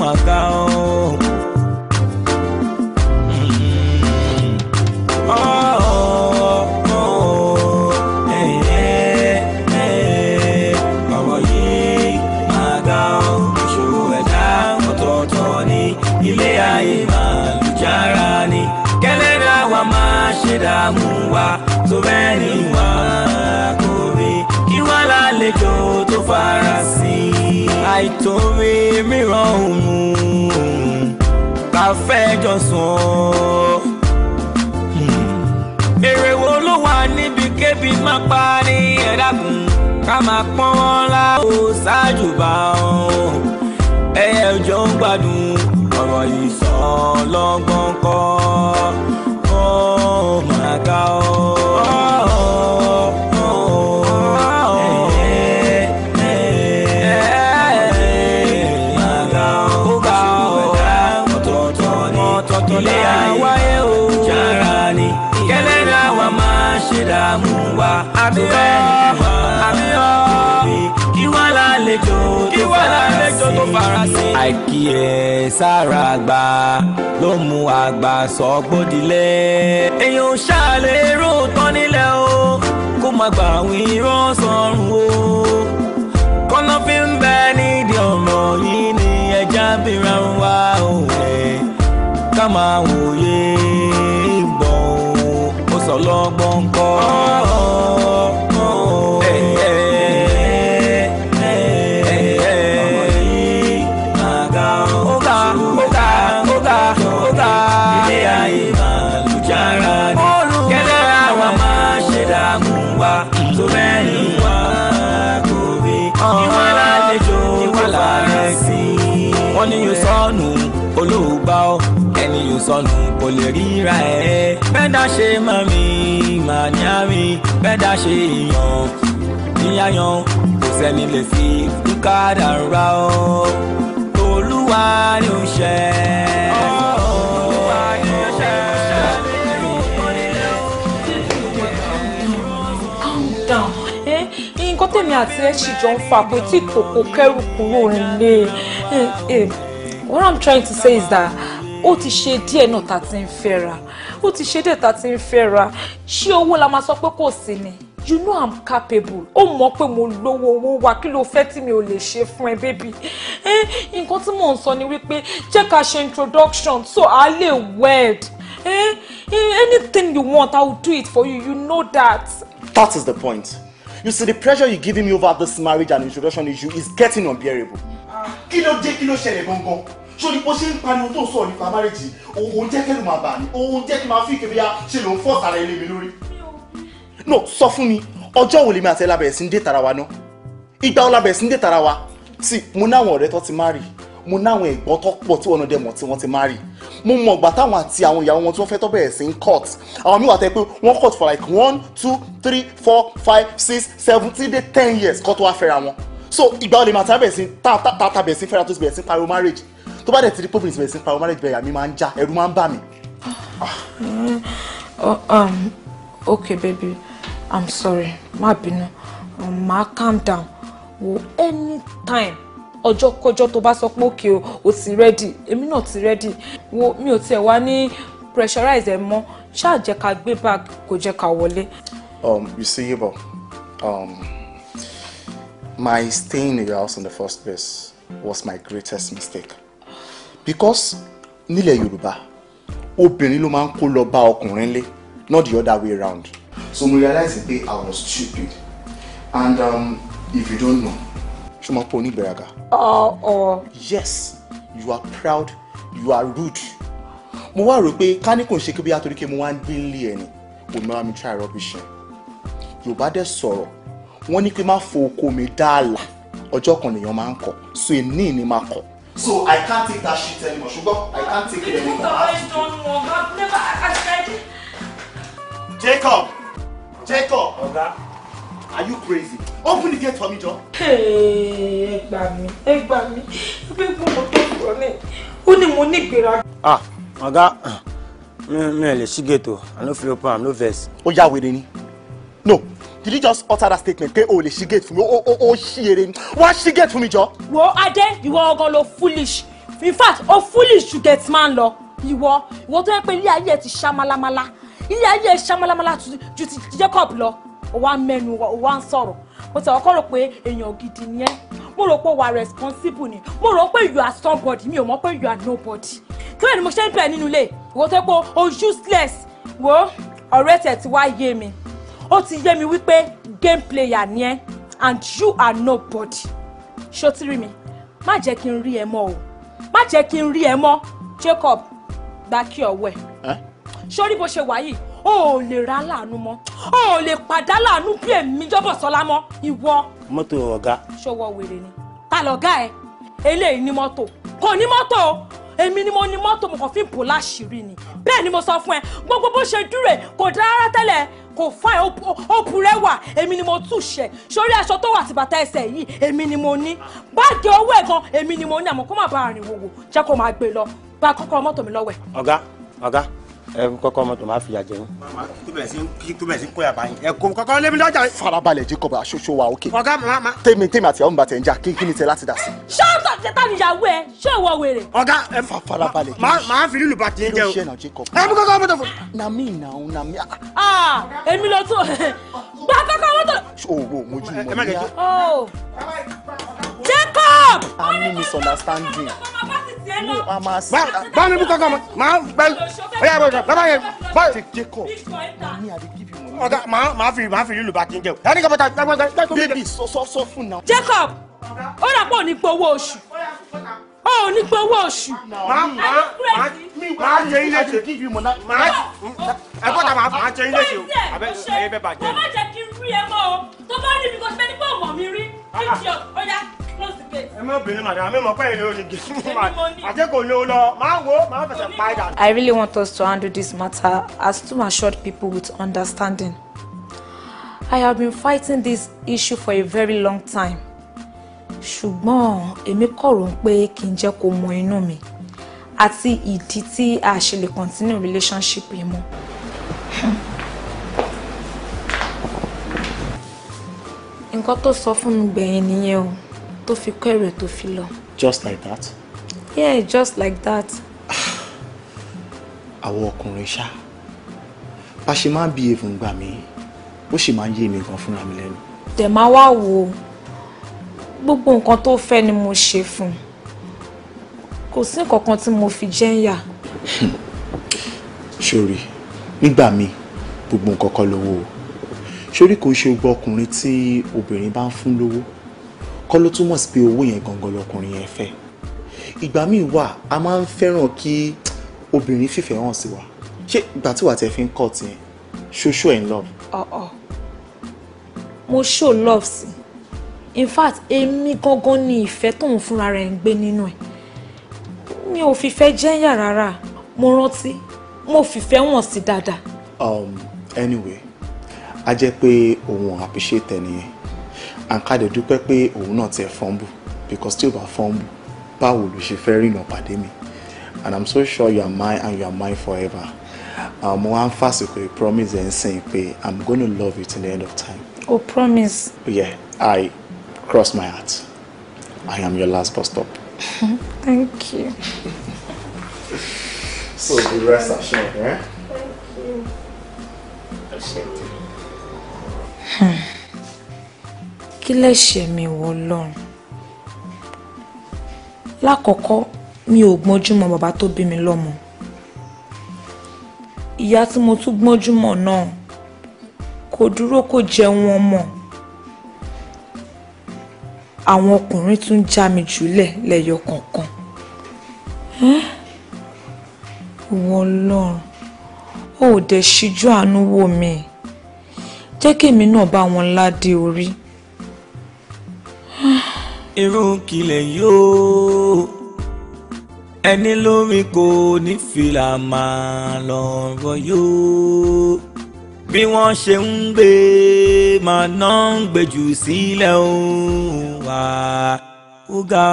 matar sọnù kò lè ríra ẹ̀. bẹ́ẹ̀dá ṣe mami màníàmì bẹ́ẹ̀dá ṣe èèyàn níyàyàn kò sẹ́ni lè fi kádà ra ọ́ tolúwa ni ó ṣẹ́. nǹkan tèmi àti ẹ̀ṣì jọ ń fa pé tí kòkó kẹ́rù kúrò nílé. What I'm trying to say is that ó ti ṣe díẹ̀ náà ta ti ń fẹ́ra ó ti ṣe díẹ̀ ta ti ń fẹ́ra ṣé owó la máa sọ pé kò sí ni you know i'm capable ó mọ̀ pé mo lówó owó wa kí ló fẹ́ tí mi ò lè ṣe fún ẹ bébí nǹkan tí mò ń sọ ni wípé jẹ́ ká ṣe introduction so a lè wed eh? anything you want i will do it for you you know that. that is the point you see the pressure you giving me over this marriage and introduction issue is getting unbearable. Ah. kí ló dé kí ló ṣẹlẹ̀ gangan sórí bó ṣe ń pariwo tó sọ nípa márèjì òun jẹ́ kẹ́lu máa bà ní òun jẹ́ kí máa fi ìkébíyà ṣe lòun fọ́ sára ilé mi lórí. no sọ fún mi ọjọ́ wo lèmi àti ẹlábẹ̀rẹ̀ sí ń dé tara wa náà ìgbà wo lábẹ̀rẹ̀ sí ń dé tara wa sí mo náwọn ọ̀rẹ́ tó ti má rí mo náwọn ẹ̀gbọ́n tó pọ̀ tí wọ́n dẹ̀ mọ̀ tí wọ́n ti má rí mo mọ̀ ọ̀gbà táwọn àti àwọn ìyàwó wọn tí wọ́n fẹ́ tó bẹ̀rẹ̀ sí ń court àwọn míì wà tẹ́ pé wọ́n court for like one two three four five six seven till dé ten years kó tó wá fẹ́ra wọn so ìgbà wo lèmi àti ẹlábẹ̀rẹ̀ sí tá tá tá bẹ̀rẹ̀ sí fẹ́ra tó ti bẹ̀rẹ̀ sí pariwo marriage tó bá dẹ̀ ti rí pọ́fìnì ìsìnkú ìsìnkú àwọn marriage barrier mi máa ń já ẹ̀rù máa ń bà mí. Ah, eh, oh, um, okay baby i'm sorry má bínú má um, calm down wo anytime ọjọ́kọ́jọ́ tó bá sọ pé òkè o ti rẹ́dì èmi náà ti rẹ́dì wo mi ò tiẹ̀ wá ní pressurize ẹ mọ́ ṣáà jẹ́ ká gbé bag kò jẹ́ ká wọlé. um you see Ibo um my staying in your house in the first place was my greatest mistake because nílẹ̀ yorùbá obìnrin ló máa ń kó lọ bá ọkùnrin lé not the other way round. so mo realize pé i was stupid and um, if you don't know ṣé mo pọ onígbèraga. ọ̀ọ́. Uh-uh. yes you are proud you are rude mo wá rò pé ká ní kò ń ṣe kí bí atorí kí mo wá ń gbé nílé ẹni kò ní wá try rubbish ẹ yorùbá dẹ̀ sọ̀rọ̀ wọ́n ní pé má fo oko mi dáàlà ọjọ́ kan lèèyàn máa ń kọ̀ so èní ni máa kọ̀ so i can't take that shit anymore ṣùgbọ́n i can't take it anymore. you always don wan but never as i. jacob jacob. ọ̀gá. are you crazy open the gate for me John. ẹ gbà mí ẹ gbà mí pé mo mọ tó sọ ní ó ní mo ní ìgbéra. ah ọ̀gá mi ò lè ṣí gèètò i no fit open am no vex. ó yá wèrè ni no did you just utter that statement pé o lè ṣí gate fún mi o o ṣí eré ni wá ṣí gate fún mi jọ. wo adé ìwọ ọgàn lo foolish in fact o foolish ju gate man lọ ìwọ ìwọ tó yẹ pé ilé ayé ti ṣá malamala ilé ayé ṣá malamala ju ti Jacob lọ o wá mẹ́nu o wá ń sọ̀rọ̀ mo ti ọkọ rò pé èèyàn gidi ni ẹ́ mo rò pé wà responsible ni mo rò pé you are somebody mi ò mọ̀ pé you are nobody kílódé ni mo ṣe ń bẹ̀ nínú ilé ìwọ tó yẹ pé o useless wo ọ̀rẹ́ tẹ̀ ti wá yé mi ó ti yé mi wípé game player ni ẹ and you are nobody ṣó ti rí mi má jẹ́ kí n rí ẹ mọ́ o má jẹ́ kí n rí ẹ mọ́ Jacob gba kí ọwọ́ ẹ sórí bó ṣe wà yìí o ò lè ra láàánú mọ́ o ò lè padà láàánú bí èmi jọ́bọ̀ sọlá mọ́ ìwọ. mọ́tò ọ̀gá. ṣọwọ́ wèrè ni ta lọ̀gá ẹ eléyìí ní mọ́tò kò ní mọ́tò o èmi ni mo ní mọ́tò mo kàn fi bò láṣìírí ni bẹ́ẹ̀ ni mo sọ fún ẹ gbogbo bó ṣe dúró kò dára tẹ́lẹ̀ kò fún ẹ òpù rẹ wà èmi ni mo tù ṣẹ sórí aṣọ tó wà tìbàtà ẹsẹ̀ yìí èmi ni mo ní báàgì owó ẹ̀ gan èmi ni mo ní àmọ́ kó má bàa rìn wòwò jẹ́ kó máa gbé lọ gba kọ́kọ́rọ́ mọ́tò mi lọ́wọ́ ẹ̀. ọ̀gá ọ̀gá ẹ kọ́kọ́ mọ́tò máa fìyà jẹ Mama, tó bẹ̀rẹ̀ sí tó bẹ̀rẹ̀ sí kó yà báyìí. ẹ kò kọ́kọ́ lébi lọ́jà. farabalẹ̀ jacob aṣoṣo wa òkè. ọ̀gá Mama. ma. tèmi tèmi àti àwọn bàtẹ̀ ń jà kí kí ni tẹ láti dà sí. ṣọ́ọ̀tọ̀ ṣe tán ìyàwó ẹ ṣé ìwọ wèrè. ọ̀gá ẹ fa farabalẹ̀. màá fi lílù bàtẹ̀ yín jẹ o. ẹ bí kọ́kọ́ mọ́tò fún. na mi na o na mi. aa ah, èmi ló tó gba kọ́kọ́ mọ́tò bá mi mú kankan máa bẹ ọyá bẹ ọjà bàbá yẹn bá yẹn. jacob mami i dey give you money. ọ̀gá màá màá fi màá oh, lílù bá kíngẹ̀ o. ẹni kan bá ta gbàgbọ́n gbàgbọ́n. baby sọ sọ sọ fún na. jacob ó rà pọ̀ ní gbowó oṣù ó ní gbowó oṣù. màá màá màá jẹ ilé jẹ màá ẹgbọ́ta màá jẹ ilé jẹ o. àbẹ ẹyẹ bẹ bàjẹ́. mo má jẹ́ kí n rí ẹ mọ́ o tó bá rí mi kò sí pé nípa ọ̀wọ̀ mi rí. I really want us to handle this matter as to assured people with understanding. I have been fighting this issue for a very long time. Ṣùgbọ́n èmi kọ̀rò ń pé kí n jẹ́ kó mọ inú mi àti ìdí tí a ṣe lè continue relationship yìí mọ́. nǹkan tó sọ fún mi gbẹ̀yìn nìyẹn o tó fi kọ́ èrè tó fi lọ. just like that. yeah just like that. àwọn ọkùnrin ṣá bá ṣe máa ń bí èèfù gbà mí bó ṣe máa ń yé mi gan fúnra mi lẹ́nu. dẹ̀ máa wá wo gbogbo nǹkan tó fẹ́ ni mo ṣe fún un kò sí nǹkan tí mo fi jẹ́ ń yà. sori nígbà mi gbogbo nǹkan kọ́ lówó o ṣorí kò ṣe gbọ́ ọkùnrin tí obìnrin bá ń fún lówó kọ́ ló túmọ̀ sí pé owó yẹn gangan lọkùnrin yẹn fẹ́ ìgbà míì wà a máa ń fẹ́ràn kí obìnrin fìfẹ́ hàn sí wa ṣé ìgbà tí wà tẹ́ fi ń kọ́ tiẹ̀ ṣoṣo ẹ̀ ń lọ. ọ̀ọ̀ mo show love sí in fact èmi gangan ni ìfẹ́ tóun fúnra rẹ̀ ń gbé nínú ẹ̀ mi ò fìfẹ́ jẹ́yà rárá mo rántí mo fìfẹ́ wọ̀n sí dáadáa. um anyway a jẹ́ pé òun appreciate ẹnìyẹn àǹkàdé dúpẹ́ pé òun náà tiẹ̀ fọ́nbù because tí ò bá fọ́nbù báwo ló ṣe fẹ́ rìnà pàdé mi and i'm so sure you are mine and you are mine forever uh, mo wá ń fàsìkò ì promise ẹ̀ ń sìn pé i'm gonna love you till the end of time. o oh, promise. yeah i cross my heart i am your last bus stop. Mm-hmm. thank you. so the rest are assured. Eh? Thank you. Hmm. kí lẹ̀ṣẹ̀ mi wọ ọlọ́run lákọ̀ọ́kọ́ mi ò gbọ́njú mọ́ bàbá tó bí mi lọ́mọ ìyá tí mo tún gbọ́njú mọ́ náà kò dúró kò jẹun ọmọ àwọn ọkùnrin tún já mi jùlẹ̀ lẹ́yọ kọ̀ọ̀kan ìwọ ọlọ́run ó dẹ̀ ṣíjú àánú wò mí. Eh? jẹ́ kèmi náà bá wọn ládé orí. irun kìlẹ̀ yóò ẹni lórí kò ní fìlà máa lọ́rọ̀ yóò bí wọ́n ṣe ń gbé màá ná ń gbèjù sílẹ̀ òun wá ó ga.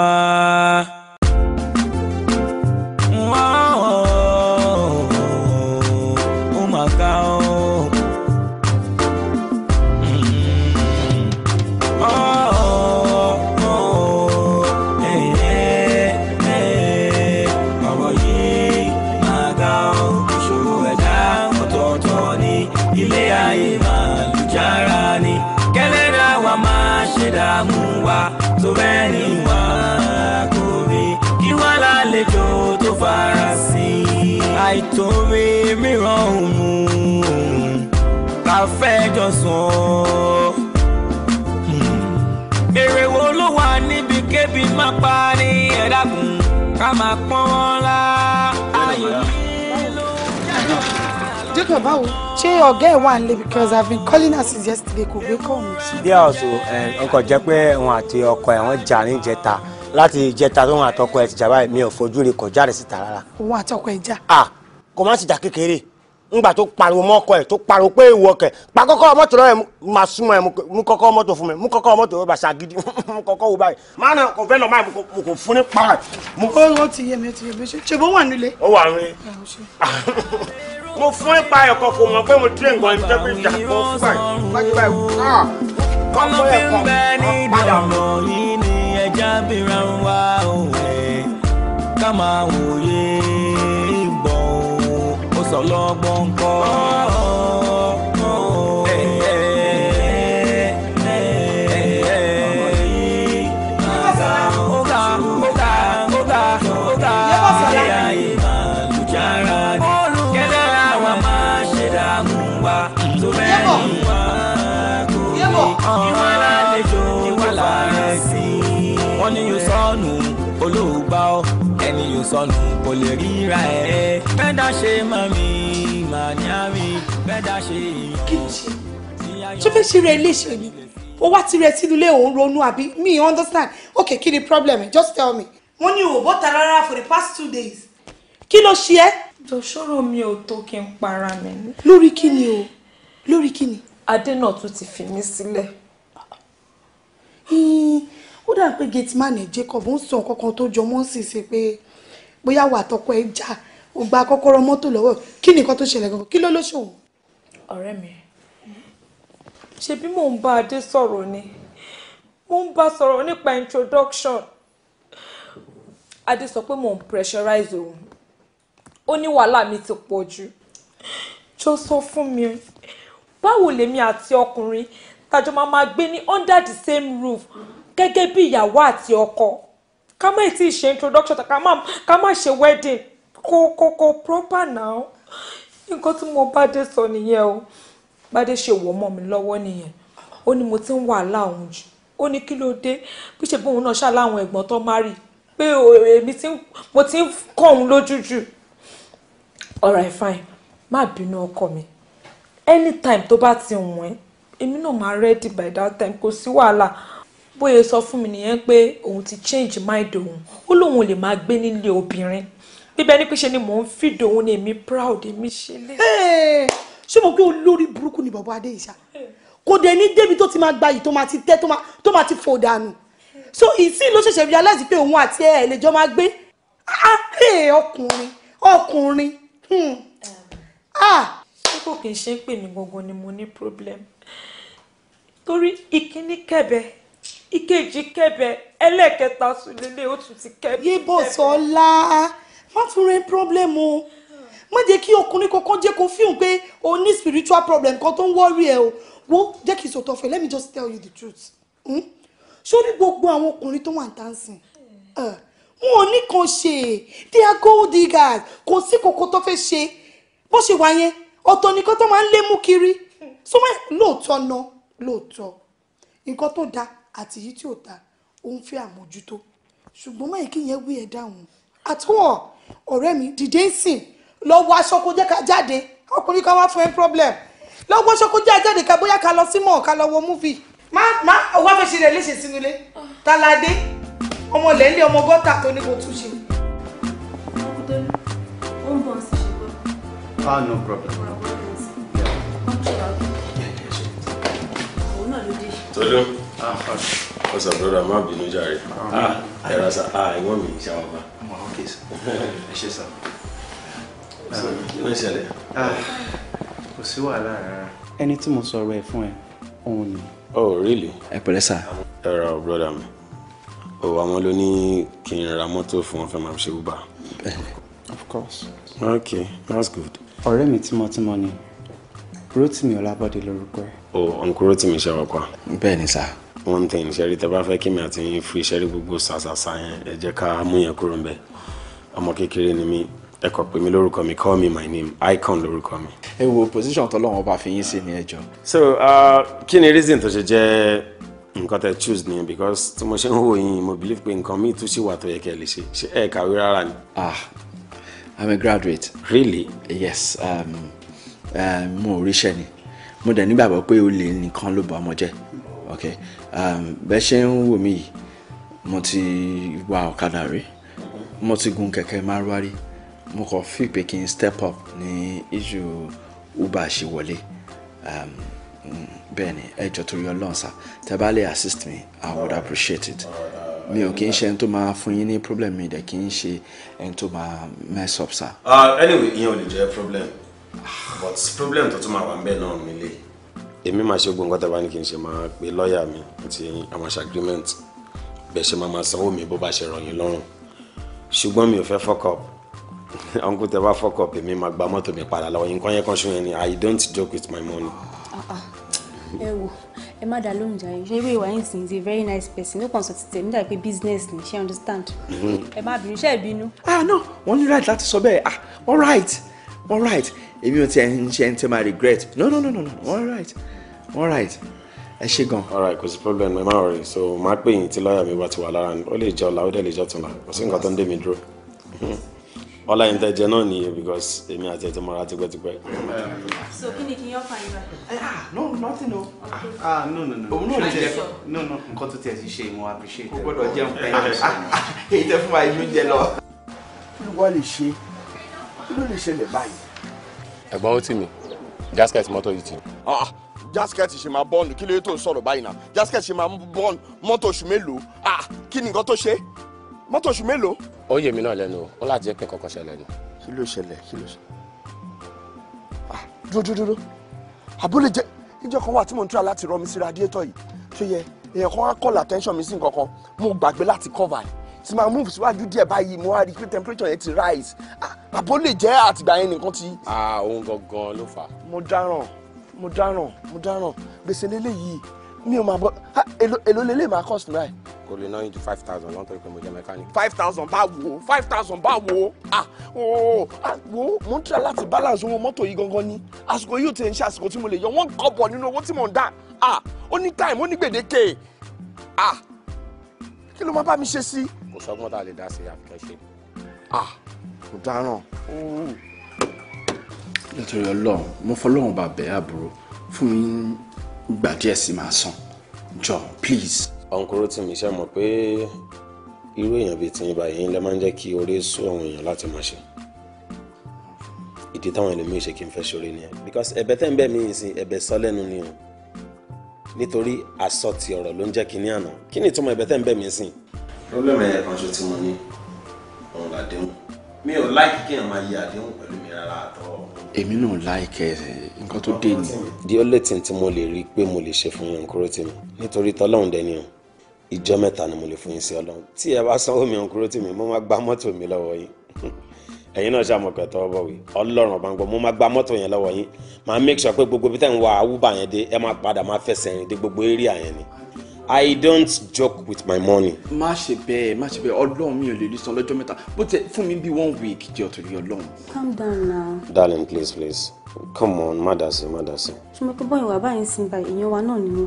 Bákan báwo, ṣé ọ̀gá ẹ̀ wà nílé because I've been calling her since yesterday kò gbé kọ́ mi. Sídìí ọ̀sùn ọkọ̀ jẹ́ pé òun àti ọkọ ẹ̀ wọ́n jà ní ìjẹta láti ìjẹta tó ń àtọkọ ẹ̀ ti jà báyìí mi ò fojú rí kọjá rẹ̀ síta rárá. Òun àtọkọ ẹ̀ jà. À ah, kò má sì jà kékeré ńgbà tó pariwo mọ́kọ ẹ̀ tó pariwo pé ìwọ kẹ̀ pa kọ́kọ́ mọ́tò rẹ̀ máa súnmọ́ ẹ̀ mú kọ́kọ́ mọ́tò fún mi mú kọ́kọ́ mọ́tò rẹ̀ bàṣà gidi mú kọ́kọ́ wò báyìí máa nà kò fẹ́ lọ máa mo kò fún ní para. ó ti yé mi ó ti yé mi ṣe bó wà nílé. ó wà nílé. Ah, mo fún ẹ ẹ̀kọ́ kò mọ̀ pé mo tún nǹkan ẹ̀mí tẹ́kọ̀ ìjà kan fún báyìí lájú báyìí ah ẹ̀kọ́ ah, padà mọ̀. ẹja bíra ń wá òwe ká máa wòye ìbọn ó sọ lọ́gbọ́n kọ́. kò lè ríra ẹ̀ bẹ́ẹ̀dá ṣe mọ̀ mí mà ní àmì bẹ́ẹ̀dá ṣe èèyàn. kí ló ṣe tó fẹ́ ṣe rẹ iléeṣẹ́ mi ó wá tirẹ̀ sínú ilé òun ronú àbí mi understand okay kí ni problem just tell me. wọ́n ní òbó ta rárá for the past two days. kí ló ṣe ẹ́. jọ̀ṣọ́rọ̀ mi ò tó kí n para mi. lórí kí ni o lórí kí ni. adé náà tún ti fi mí sílẹ̀ ó dà pé gate man Jacob ń sọ nǹkan kan tó jọ mọ́ sí ṣe pé bóyá wà tọkọ ẹ já o gba kọ́kọ́rọ́ mọ́tò lọ́wọ́ kí nìkan tó ṣẹlẹ̀ gangan kí ló ló ṣòwò. mi ṣe bí mò ń bá adé sọ̀rọ̀ ni mò ń bá sọ̀rọ̀ nípa introduction adé sọ pé mò ń pressurize òun ó ní wàhálà mi ti pọ̀ jù jọ sọ fún mi báwo lèmi àti ọkùnrin tàjọ máa máa gbé ní under the same roof gẹ́gẹ́ bí ìyàwó àti ọkọ ká má tí ì ṣe introduction ká má ká má ṣe wedding kò kò kò proper now nǹkan tí mo bá dé sọ nìyẹn o bá dé ṣe wọ̀ mọ́ mi lọ́wọ́ nìyẹn ó ní mo ti ń wàhálà òun jù ó ní kí ló dé bí ṣe bóun náà ṣàláwọn ẹ̀gbọ́n tó má rí pé oh, èmi tí mo ti ń kọ́ òun lójú jù alright fine má bínú ọkọ mi anytime tó bá ti wọ̀n ẹ́ èmi náà máa ready by that time kò sí wàhálà bóyá sọ fún mi nìyẹn pé òun ti change mind òun ó lóun ò lè máa gbé nílé obìnrin bíbẹ ní píṣe ni mò ń fìdò òun ni èmi proud èmi ṣe lé. ṣé mo pé olórí burúkú ni bàbá adé ìṣá kò dé ní débi tó ti máa gba yìí tó máa ti tẹ́ tó máa ti fò dànù so ìsìn ló ṣẹ̀ṣẹ̀ realize pé òun àti ẹ̀ lè jọ máa gbé ah, ah, ọkùnrin ọkùnrin hmm. ah. ṣé kò kì í ṣe ń pè mí gangan ni mo ní problem torí ìkíní kẹ̀bẹ̀ ìkejì kẹbẹ ẹlẹ́ẹ̀kẹta sùlélẹ ó tún ti kẹbẹ. yébò sọlá má tún rẹ problem o má jẹ́ kí ọkùnrin kankan jẹ́ kó fíhùn pé o ní spiritual problem kan tó ń wọ́rí ẹ o wo jẹ́ kí n sọ̀tọ̀ fẹ́ let me just tell you the truth hmm? sórí gbogbo àwọn ọkùnrin tó wà ń dancing, wọn ò ní kan ṣe they are gold diggers kò sí kòkó tó fẹ́ ṣe bó ṣe wà yẹn ọ̀tọ̀ nìkan tó máa ń lé mú kiri so lóòótọ́ ná lóòótọ́ nǹkan tó dáa àti èyí tí ò ta ó ń fẹ́ àmójútó ṣùgbọ́n máyì kí yẹn wí ẹ̀ dáhùn àtúwọ̀ ọ̀rẹ́ mi dìde ń sìn lọ wọ aṣọ kó jẹ́ ká jáde ọkùnrin kan wá fún ẹ problem lọ wọ aṣọ kó jẹ́ àjáde ká bóyá ká lọ sí mọ̀ ká lọ wọ múfì. má má owó fẹ́ ṣe rẹ̀ léṣe sínú ilé táládé ọmọ lẹ́lẹ́ ọmọ gọ́tà tó ní kò tún ṣe. Ah, ó ń bọ̀ sí ṣùgbọ́n. ah no problem what's up brother má bínú jàre ẹ̀rọ sá ẹ̀gbọ́n mi ṣe àwọn ọba. ẹ ṣe sá. kí ló ń ṣẹlẹ̀. Ah, kò sí wàhálà rárá. ẹni tí mo sọ̀rọ̀ ẹ̀ fún ẹ òun ni. oh really. ẹ pẹ̀lẹ́ sá. ẹ ra ọ brother mi ò wá wọn ló ní kí n ra mọ́tò fún wọn fẹ́ ṣe uber. of course. ok, that's good. ọ̀rẹ́ mi tímọ́tímọ́ ni Rotimi Ọlábọ̀dé lórúkọ ẹ̀. o oh, uncle Rotimi ṣe wọ́pọ̀. bẹ́ẹ̀ ni sá one thing ṣẹ́rí tẹ́ bá fẹ́ kí mi àti yín fi ṣẹ́rí gbogbo ṣàṣàṣà yẹn ẹ jẹ́ ká mú yẹn kúrò ńbẹ̀ ọmọ kékeré ni mí ẹ kọ pé mi lórúkọ mi call me my name icon lórúkọ mi. ẹ wo position tọ́lọ́wọ́n bá fi yín sí ní ẹjọ́. so kí ni reason tó ṣe jẹ́ nǹkan tẹ́ choose nìyẹn because tí mo ṣe ń wò yín mo believe pé nǹkan míì tún ṣì wà tó yẹ kẹ́ ẹ lè ṣe ṣe ẹ kàwé rárá ni. ah i'm a graduate. really. yes um, um, mo ò ríṣẹ́ ni mo dẹ̀ nígbàgbọ́ pé olè nìkan ló bọ ọmọ jẹ́ okay. Um, bẹ́ẹ̀ ṣe ń wò mí yìí mo ti wa ọ̀kadà rí mo ti gun kẹ̀kẹ́ márúwá rí mo kàn fi pé kí n step up ní iṣu uber ṣe wọlé um, bẹ́ẹ̀ ni ẹ jọ̀ọ́ torí Ọlọ́run sá tẹ́ bá lè assist me I would appreciate it mi ò kí n ṣe ẹni tó máa fún yín ní problem mi dẹ̀ kí n ṣe ẹni tó máa mess up sá. Uh, anyway ìyẹn ò lè jẹ́ problem but problem tó tún máa wà ń bẹ̀ náà nílé èmi máa ṣe gbogbo nǹkan tẹ́ bá ní kí ṣe máa pe lọ́ọ̀yà mi àti àwọn ṣe agreement bẹ́ẹ̀ ṣe máa máa sanwó mi bó bá ṣe rọ̀ yín lọ́rùn ṣùgbọ́n mi ò fẹ́ fuck up uncle tẹ́ bá fuck up èmi máa gba mọ́tò mi padà lọ́wọ́ nǹkan yẹn kan ṣó yẹn ni I don't joke with my money. Ah, ah. ẹ wo ẹ má dá lóhùn jàre ṣé ìwé ìwà yín sì is a very nice person ó kàn sọ ti tèmi dàbí pé business ni ṣe understand mm-hmm. ẹ má bínú ṣe ìbínú. ah no wọ́n ní right láti sọ bẹ́ẹ̀ ah all right all right èmi ò tiẹ̀ ń ṣe ẹni tẹ́ máa regret no no no no all right all right ẹ ṣe gan. all right kò sí problem ẹ má rọrùn so máa pè yín tí lọ́ọ̀yà mi bá ti wà lára ni ó lè jẹ́ ọ̀la ó dẹ̀ lè jẹ́ ọ̀túnla kò sí nǹkan tó ń dé mi dúró ọ̀la yìí tẹ́ jẹ náà nìyẹn because èmi àti ẹ̀tọ́ mọ́ra tipẹ́tipẹ́. so kí ni kí n yọ fàyè rẹ. no nothing o. ah no no no òun náà jẹ no no nǹkan tó tiẹ̀ ti ṣe mo appreciate. kò gbọ́dọ̀ jẹun pẹ́ẹ́n ah, èyí tẹ fún wa ìlú jẹ lọ. kí ló wá lè ṣe kí ló lè ṣẹlẹ̀ báyìí. ẹ̀gbọ́n ó tì mí gasket mọ́tò yìí tì mí. Ah, ah jasket ṣe máa bọ́ọ̀nù kí lóye tó ń sọ̀rọ̀ báyìí náà jasket ṣe máa bọ́ọ̀nù mọ́tò oṣù mélòó ah kí ni nǹkan tó ṣe mọ́tò oṣù mélòó. ó yè mí náà lẹ́nu ó láti jẹ́ pé kankan ṣẹlẹ̀ ni. kí ló ṣẹlẹ̀ kí ló ṣẹlẹ̀ ah dúró dúró dúró àbúlé jẹ́ ìjọ kan wà tí mo ń tura láti rọ mi sí radiator yìí ṣé yẹ èèyàn kan wá call attention mi sí nǹkan kan mo gbàgbé láti cover ẹ̀ tí máa move síwájú díẹ̀ báyìí mo wá rí pé temperature yẹn ti rise àbó lè jẹ́ àtìgbà yẹn nìkan ti. ah òun gangan ló fà. mo dáràn mo dáràn mo dáràn gbèsè lélẹ̀ yìí mi ò máa bọ́ èlò lélẹ̀ máa cost náà. kò lè ná into five thousand lọ́n torí pé mo jẹ́ mechanic. five thousand bá wo five thousand bá wo ah ooo ah wo mo ń tira láti balance owó mọ́tò yìí gangan ni àsìkò yóò ti ń ṣe àsìkò tí mo lè yọ wọ́n kọ́ bọ̀ nínú owó tí mò ń dá ah ó ní time ó ní gbèdéke ah kí ló máa bá mi ṣe sí. kò sọ́gbọ́n tá a lè dá sí àfikẹ́ ṣe. ah mo dáràn nítorí Ọlọ́run mo fọlọ́run bá bẹ̀ àbúrò fún mi gbà díẹ̀ sí máa san jọ please. ọ̀nkúrò tí mi ṣe mọ̀ pé irú èèyàn bíi tiyín báyìí lè máa ń jẹ́ kí oore sú àwọn èèyàn láti máa ṣe ìdí táwọn ẹlòmíín ṣe kí n fẹ́ ṣoore nìyẹn because ẹ̀bẹ̀ tẹ́ ń bẹ̀ mí ìsìn ẹ̀bẹ̀ sọ lẹ́nu ni o nítorí àsọtì ọ̀rọ̀ ló ń jẹ́ kí ní àná kí ni ìtumọ̀ ẹ̀bẹ̀ tẹ́ ń bẹ̀ mí ìsìn. problem ẹ̀yẹ kan ṣe tí mo ní òun làdéhùn mi ò láìkí kí èèyàn máa yẹ àdéhùn pẹ̀lú mi rárá àtọ́ èmi náà láìkẹ́ eh, nǹkan tó dé ni. the only thing tí mo lè rí pé mo lè ṣe fún yín nkúrò tì mí nítorí tọ́lọ́hún dẹni o ìjọ mẹ́ta ni mo lè fún yín sí ọlọ́run tí ẹ bá sanwó mi nkúrò tì mí mo máa gba mọ́tò mi lọ́wọ́ yín ẹ̀yin náà ṣàmọ̀kẹ́ tọ́wọ́ bọ̀wé ọlọ́run ọ̀bá ń gbọ́ mo máa gba mọ́tò yẹn lọ́wọ́ yín máa make sure pé gbogbo bí tẹ̀ ń wa àwùbà yẹn dé ẹ máa padà máa fẹsẹ̀ rìn dé gbogbo area yẹn ni. I don't joke with my money. Má ṣe bẹ́ẹ̀ má ṣe bẹ́ẹ̀ ọlọ́run mi ò lè rí san lọ́jọ́ mẹ́ta bó tẹ fún mi bí one week jẹ́ ọ̀tọ̀rí ọlọ́run. Calm down now. Darling please please come on má dà sí má dà sí. Ṣùgbọ́n pé bọ́ọ̀ ìwà báyìí ń sin báyìí èèyàn wa náà nínú.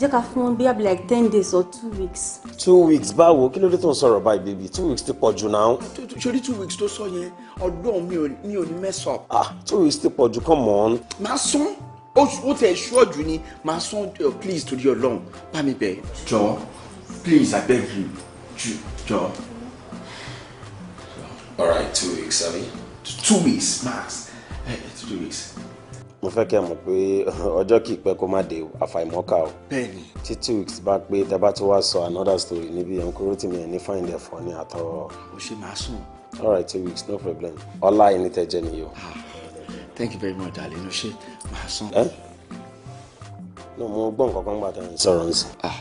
Jẹ́ ká fún wọn bí i like ten days or two weeks. Two weeks báwo kí ló dé tó ń sọ̀rọ̀ báyìí baby two weeks ti pọ̀ jù náà. Ṣorí two weeks tó sọ yẹn ọlọ́run mi ò ní mess up. Ah two weeks ti pọ̀ jù come on. Má sún ó tẹ̀ ṣúọ̀ jù ni màá sún uh, please torí ọlọ́run bá mi bẹ̀ jọ please I beg you jọ. right, two weeks abi. two weeks max eh, two weeks. mo fẹ́ kí ẹ mọ̀ pé ọjọ́ kìí pẹ́ kó má dé àfàìmọ́ká o. bẹ́ẹ̀ni. tí two weeks bá pé dábàá tó wá sọ another story níbi ẹnkúrò tì mí ẹni find ẹ̀ fọ́ ní àtọ́. mo ṣe máa sùn. alright two weeks no problem ọlá ẹni tẹ jẹ nìyó thank you very much darling ṣe my son. ẹ ní mo gbọ́ nǹkan kan gbàtà ẹ̀ sọ̀rọ̀ nsì. Ah,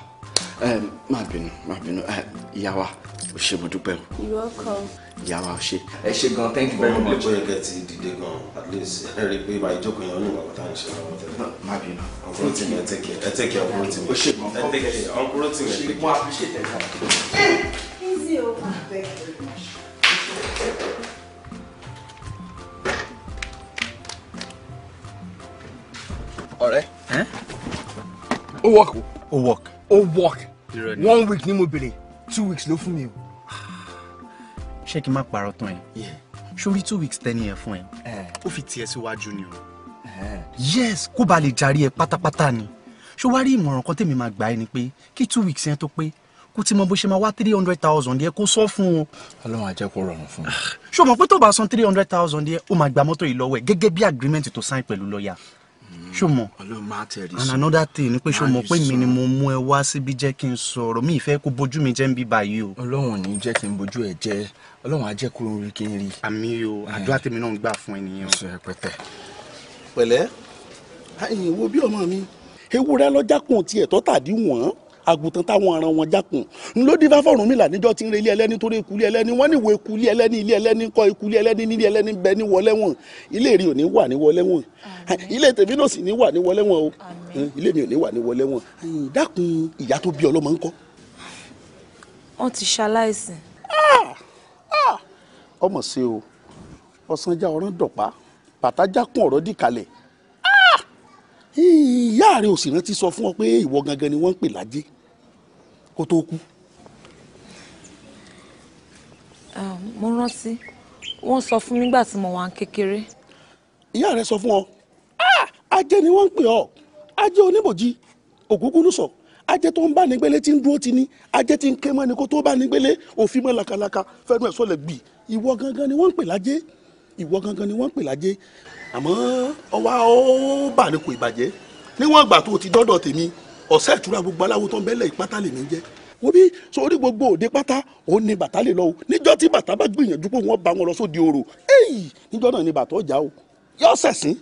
um, ma bínú má bínú ah, ìyá wa o ṣe mo dúpẹ́ o. you welcome. Yawa, wa o ṣe. ẹ ṣe gan thank you very much. ọmọ ìjọba ti dìde gan at least ẹ rí i pé máa jókòó yẹn ó ní ìwà bàtà ń ṣe ọmọ tẹ́lẹ̀. má bínú. ọkùnrin tí mi ẹ tẹkẹ ẹ o ṣe mọ ọkùnrin tí mi ọkùnrin tí mi ẹ tẹkẹ. mo appreciate ẹ gan. Eh, easy o. ọ̀rẹ́ ó work o. ó work. ó work one week ni mo bèrè two weeks ló fún mi o. ṣé kí n má parọ́ tán ẹ sórí two weeks tẹ́ni ẹ̀ fún ẹ eh. ó fi tiẹ̀ síwájú ni o. Eh. yes kó ba lè jàre ẹ pátápátá ni ṣó wá rí ìmọ̀ràn kan tèmi máa gbà ẹ ni pé kí two weeks yẹn tó pé kó tí mo bó ṣe máa wá three hundred thousand yẹ kó sọ fún o. ọlọ́run á jẹ́ kó rọrùn fún mi. ṣó mọ̀ pé tó bá san three hundred thousand yẹ ó máa gba mọ́tò yìí lọ́wọ́ ẹ̀ gẹ́gẹ́ bí agreement tó sign pẹ̀lú lọ́ọ̀yà Mm-hmm. ṣùmọ̀ and another thing ni pé ṣùmọ̀ pé mi ni mo mú ẹ wá síbi jẹ́ kí n sọ̀rọ̀ mi ìfẹ́ kó bójú mi jẹ́ ń bí báyìí o. ọlọ́run ní jẹ́ kí n bójú ẹ jẹ́ ọlọ́run á jẹ́ kó n rí kí n rí. àmì o àdúrà tèmi náà ń gbà fún ènìyàn. ṣe pẹ̀tẹ̀. pẹ̀lẹ́ àyìn wo bí ọmọ mi ewúrẹ́ lọ́jà kùn tiẹ̀ tó tàdí wọ́n àgùntàn táwọn ọ̀ràn wọn jákun ńlọdí fáfọ̀rún mi là níjọ́ tí ń re ilé ẹlẹ́ni torí ekulé ẹlẹ́ni wọ́n níwò ekulé ẹlẹ́ni ilé ẹlẹ́ni kọ́ ekulé ẹlẹ́ni nílé ẹlẹ́ni bẹ ní wọlẹ́wọ̀n ilé rí ò ní wà ní wọlẹ́wọ̀n ilé tèmi náà sì ní wà ní wọlẹ́wọ̀n o ilé mi ò ní wà ní wọlẹ́wọ̀n dákun ìyá tó bí ọlọ́mọ ńkọ́. wọ́n ti ṣaláìsì. Ah! Ah! ọmọ ṣe o ọ̀sánjá ọ̀rán dọ̀pá bàtà jákun ọ̀rọ̀ dìkalẹ̀ ìyá rẹ ò sì rántí sọ fún ọ pé ìwọ gangan ni wọ́n ń pè lájẹ́ kó tó kú. mo rántí wọ́n sọ fún mi nígbà tí mo wà ń kékeré. ìyá rẹ sọ fún ọ ajé ni wọ́n ń pè ọ ajé oníbòjì ògúngúnú sọ ajé tó ń bá nígbélé tí ń dúró ti ní ajé tí ń ké mọ́ ni kó tó bá nígbélé òfin mọ́ làkàlàkà fẹ́nu ẹ̀ sọ́lẹ̀ gbì ìwọ gangan ni wọ́n ń pè lájẹ́ ìwọ gangan ni wọ́n pè lájẹ́ àmọ́ ọwá ó ni ní kò ìbàjẹ́ níwọ̀n ìgbà tó ti dọ́dọ̀ tèmi ọ̀sẹ̀ ìtura gbogbo aláwo tó ń bẹ́lẹ̀ ìpátá lè mí jẹ́ wo bí sórí gbogbo òde pátá òun ni bàtà lè lọ o níjọ́ tí bàtà bá gbìyànjú pé wọ́n bá wọn lọ sóde orò èyí níjọ́ náà ni bàtà ọjà o yọ sẹ̀sìn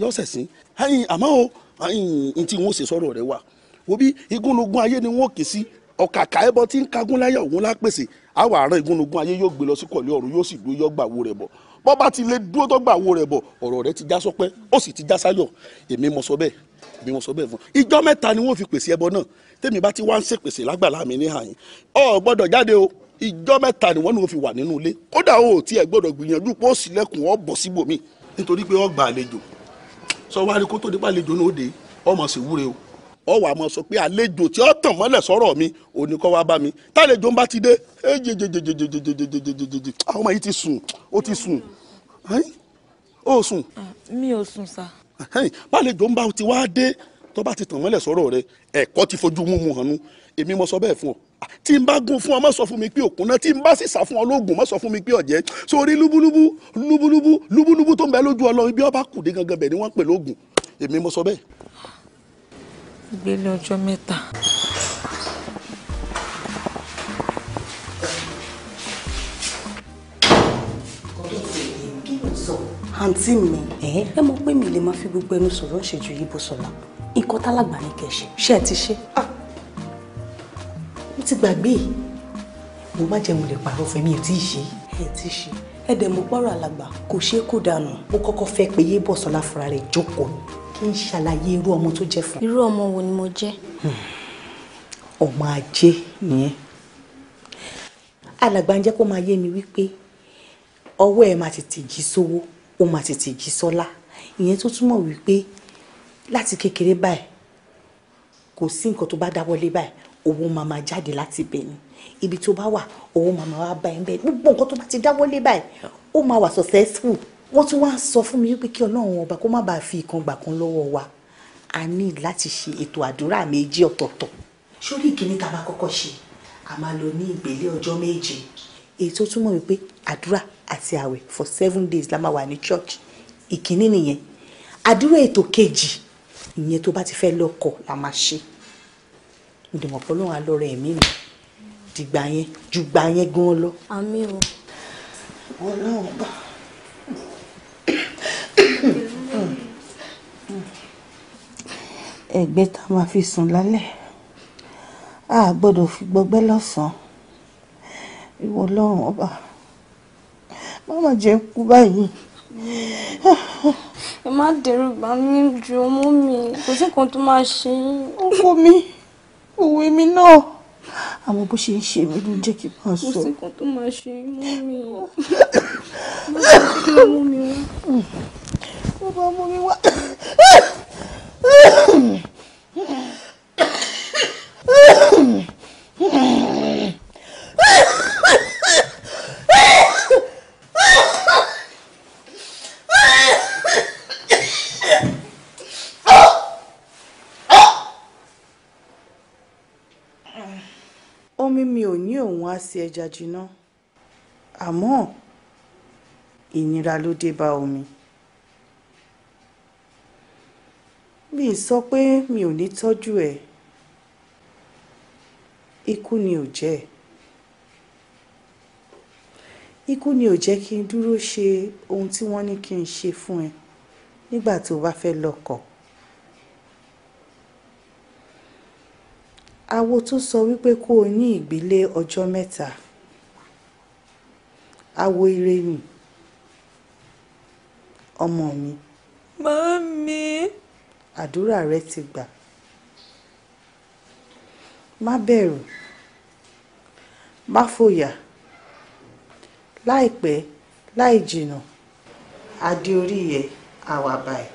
yọ sẹ̀sìn ẹ̀yìn àmọ́ o ẹ̀yìn tí wọ́n ṣe sọ̀rọ̀ rẹ̀ wà wo bí igúnnugún ayé ni wọ́n kì í sí ọ̀kàkà ẹbọ tí ń kagún láyà òun lápèsè àwọn àárọ̀ igúnnugún ayé yóò gbé lọ sí kọ̀lẹ́ ọ̀run yóò sì dúró yọ́gbà wo rẹ̀ bọ́ bá ti lè dúró tó gbà wo rẹ̀ bọ̀ ọ̀rọ̀ rẹ̀ ti já sọpẹ́ ó sì ti já sáyọ̀ èmi mo sọ bẹ́ẹ̀ èmi mo sọ bẹ́ẹ̀ fún ìjọ mẹ́ta ni wọ́n fi pèsè ẹbọ náà tèmi bá ti wá ń ṣèpèsè lágbàlá mi ní àyìn ọ gbọ́dọ̀ jáde o ìjọ mẹ́ta ni wọ́n ní wọ́n fi wà nínú ilé kódà o ò tiẹ̀ gbọ́dọ̀ gbìyànjú pé ó sílẹ̀kùn ọ bọ̀ síbòmí nítorí pé ọ gbà àlejò sọ wá rí kó tó dé pàlejò náà ó de ọmọ sì wúre o ọ wà mọ sọ pé àlejò tí ó tàn mọ́lẹ̀ sọ̀rọ̀ mi òní kọ́ wá bá mi tálejò ń bá ti dé jẹjẹjẹjẹjẹjẹjẹjẹjẹjẹjẹ àwọn ọmọ yìí ti sùn ó ti sùn ó sùn. mi ò sùn sá. bálejò ń bá ti wá dé tó bá ti tàn mọ́lẹ̀ sọ̀rọ̀ rẹ ẹ̀kọ́ ti fojú mú mu hàn nú èmi mo sọ bẹ́ẹ̀ fún ọ tí n bá gun fún ọ má sọ fún mi pé òkun náà tí n bá sì sà fún ọ lóògùn má sọ fún mi pé ọ̀jẹ́ sórí lúbúlúbú lúbúlúbú lúbúlúbú tó ń bẹ lójú ọlọ́run bí ọ bá kùdé gangan bẹ̀ ni wọ́n pè lóògùn èmi mo sọ bẹ́ẹ̀ gbélé ọjọ́ mẹ́ta. àǹtí mi ẹ mọ̀ pé mi lè máa fi gbogbo ẹnu sọ̀rọ̀ ṣèjú yìí bó sọ̀la nǹkan tálàgbà ní kẹ̀ ṣe ṣé ẹ ti ṣe. Ah! mo ti gbàgbé mo má jẹ́ mo lè pàrọ̀ fún mi ò tí ì ṣe. ẹ ti ṣe ẹ dẹ̀ mọ̀ pọ́rọ̀ alàgbà kò ṣeé kó dànù mo kọ́kọ́ fẹ́ pé yébọ̀sọ̀lá fúnra rẹ̀ jókòó kí n ṣàlàyé irú ọmọ tó jẹ́ fún. irú ọmọ wo ni mo jẹ́. ọmọ ajé nìyẹn alàgbà ń jẹ́ kó máa yé mi wípé ọwọ́ ẹ̀ máa tètè jí sówó ó máa tètè jí sọ́lá ìyẹn tó túmọ̀ wípé láti kékeré báyìí kò sí nǹkan tó bá dáwọ́lé báyìí owó máa máa jáde láti ibẹ̀ ni ibi tó bá wà owó máa máa wá bá ẹ̀ ń gbogbo nǹkan tó bá ti dáwọ́lé báyìí ó máa wà successful wọ́n tún wá sọ fún mi wípé kí ọlọ́run ọba kó má bàa fi ìkan gbà kan lọ́wọ́ wa a ní láti ṣe ètò àdúrà méjì ọ̀tọ̀ọ̀tọ̀ sórí ìkíní tá a bá kọ́kọ́ ṣe a máa lọ ní ìgbélé ọjọ́ méje èyí tó túmọ̀ wípé àdúrà àti ààwẹ̀ for seven days la máa wà ní church ìkíní nìyẹn àdúrà ètò kejì ìyẹn tó bá ti fẹ́ lọ́kọ la máa ṣe ìdìmọ̀ pọ̀ lóhùn alọ́rẹ̀ ẹ̀mí mi dìgbà yẹn ju gbà yẹn gan lọ. àmín o. ọlọ́run bá. ẹ̀gbẹ́ tá a máa fi sùn lálẹ́ a gbọ́dọ̀ fi gbọgbẹ́ lọ́sàn-án ìwọ ọlọ́run ọba má má jẹ́ kú báyìí. ẹ má dẹrù bá mi ju ọmú mi kò sí nǹkan tó máa ṣe yín. ó kọ́ mi òwe mi náà àmọ́ bó ṣe ń ṣe mí ló ń jẹ́ kí n máa sọ. kò sí nǹkan tó máa ṣe yín mú mi má ṣe mú mi wá. ó bá sí ẹja jiná àmọ́ ìnira ló dé bá omi. mi sọ pé mi ò ní tọ́jú ẹ̀ ikú ni ò jẹ́ ikú ni ò jẹ́ kí n dúró ṣe ohun tí wọ́n ní kí n ṣe fún ẹ nígbà tó bá fẹ́ lọ́kọ̀ọ́. awo tó sọ wípé kó o ní ìgbélé ọjọ́ mẹ́ta awo ire mi ọmọ mi. mọ́mí. àdúrà rẹ ti gbà má bẹ̀rù má fòyà láìpẹ́ láì jìnnà adé orí yẹ àwàbà ẹ̀.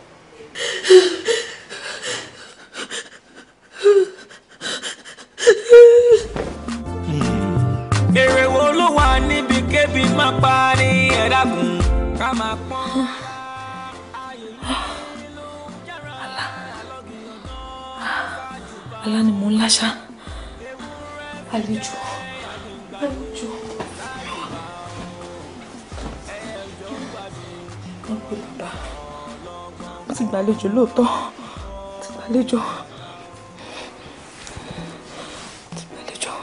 gbàlejò lóòótọ́ ti gbàlejò ti gbàlejò.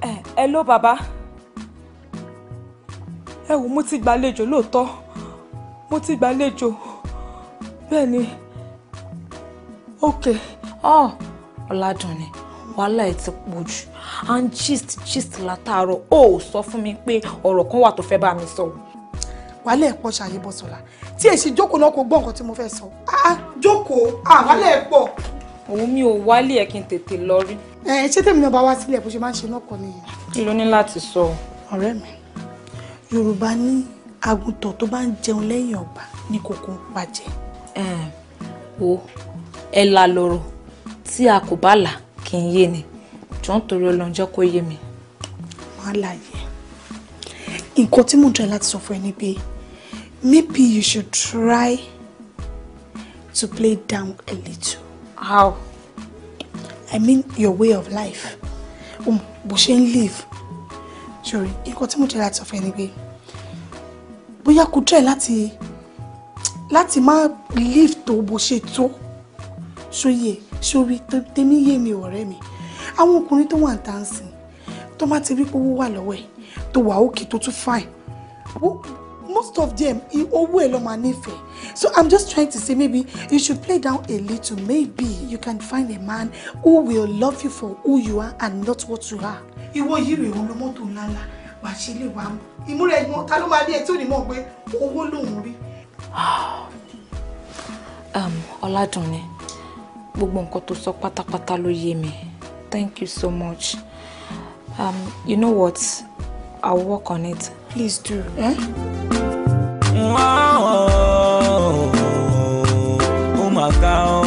ẹ ẹ ló bàbá ẹ wò mo ti gbàlejò lóòótọ́ mo ti gbàlejò bẹ́ẹ̀ ni okay. ọ ah, ọ̀làdùn ni wàhálà ẹ ti pọ̀ jù and gist gist látàárọ̀ ó sọ fún mi pé ọ̀rọ̀ kan wà tó fẹ́ bá mi sọ. wàhálà ẹ̀ pọ̀ ṣàyẹ̀bọ̀sọ̀la tí èsì jókòó náà kò gbọ́ nǹkan tí mo fẹ́ sọ. Ah, ah, jókòó àwálẹ̀ ah, pọ̀. òun mi ò wálé ẹ̀ kí n tètè lọ rí. ẹ ṣé tèmi náà bá wá sílẹ̀ bó ṣe máa ń ṣe náà kọ́ nìyẹn. kí ló ní láti sọ. ọ̀rẹ́ mi yorùbá ní àgùntàn tó bá ń jẹun lẹ́yìn ọba ní kòkó ń pàjẹ́. o ẹ la lọ́rọ̀ tí a kò bá là kì í yé ni jọ́ ń torí ọlọ́njọ́ kó yé mi. wọ́n á nǹkan tí mò ń láti sọ fún ẹ ni pé Maybe you should try to play down a little. How? I mean your way of life. Um, bó ṣe Sorry, you got too much láti sọ fún ẹni pé bóyá kò try láti láti má live to bó ṣe tó sóyè sórí tèmi yé mi ọ̀rẹ́ mi. Àwọn ọkùnrin tó wà ń tà ń sìn tó má ti rí pé owó wà lọ́wọ́ to tó wà òkè fine most of them owó ẹ̀ ló máa so i'm just trying to say maybe you should play down a little maybe you can find a man who will love you for who you are and not what you are. ìwọ yìí rèé òun ló mọ́tò ńláńlá wàá ṣe lè wá mọ́ ìmúra ẹ̀gbọ́n ta ló máa bí ẹ tí ò ní mọ̀ pé owó lòun rí. Um, ọ̀làdùnní gbogbo nǹkan tó sọ pátápátá ló yé mi thank you so much um, you know what I'll work on it. Please do. Eh? Wow. Oh my God.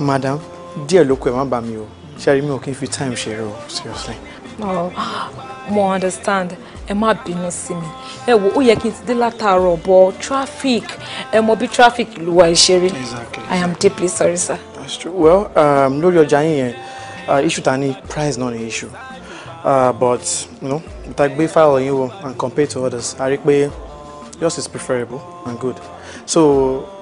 madam díẹ̀ ló kọ ẹ̀ má bà mí o ṣẹ́rí mi ò kí n fi time ṣe rò seriously. Oh, mo understand ẹ má bínú sí mi ẹ wo ó yẹ kí n ti dé látàárọ̀ bọ̀ traffic ẹ mọ bí traffic ló wà ìṣeré I am deeply sorry sir. That's true. well um, lórí ọjà yín yẹn uh, issue ta ni price náà ni issue uh, but you know ta gbé file yín wo and compare to others a rí pé yours is preferable and good so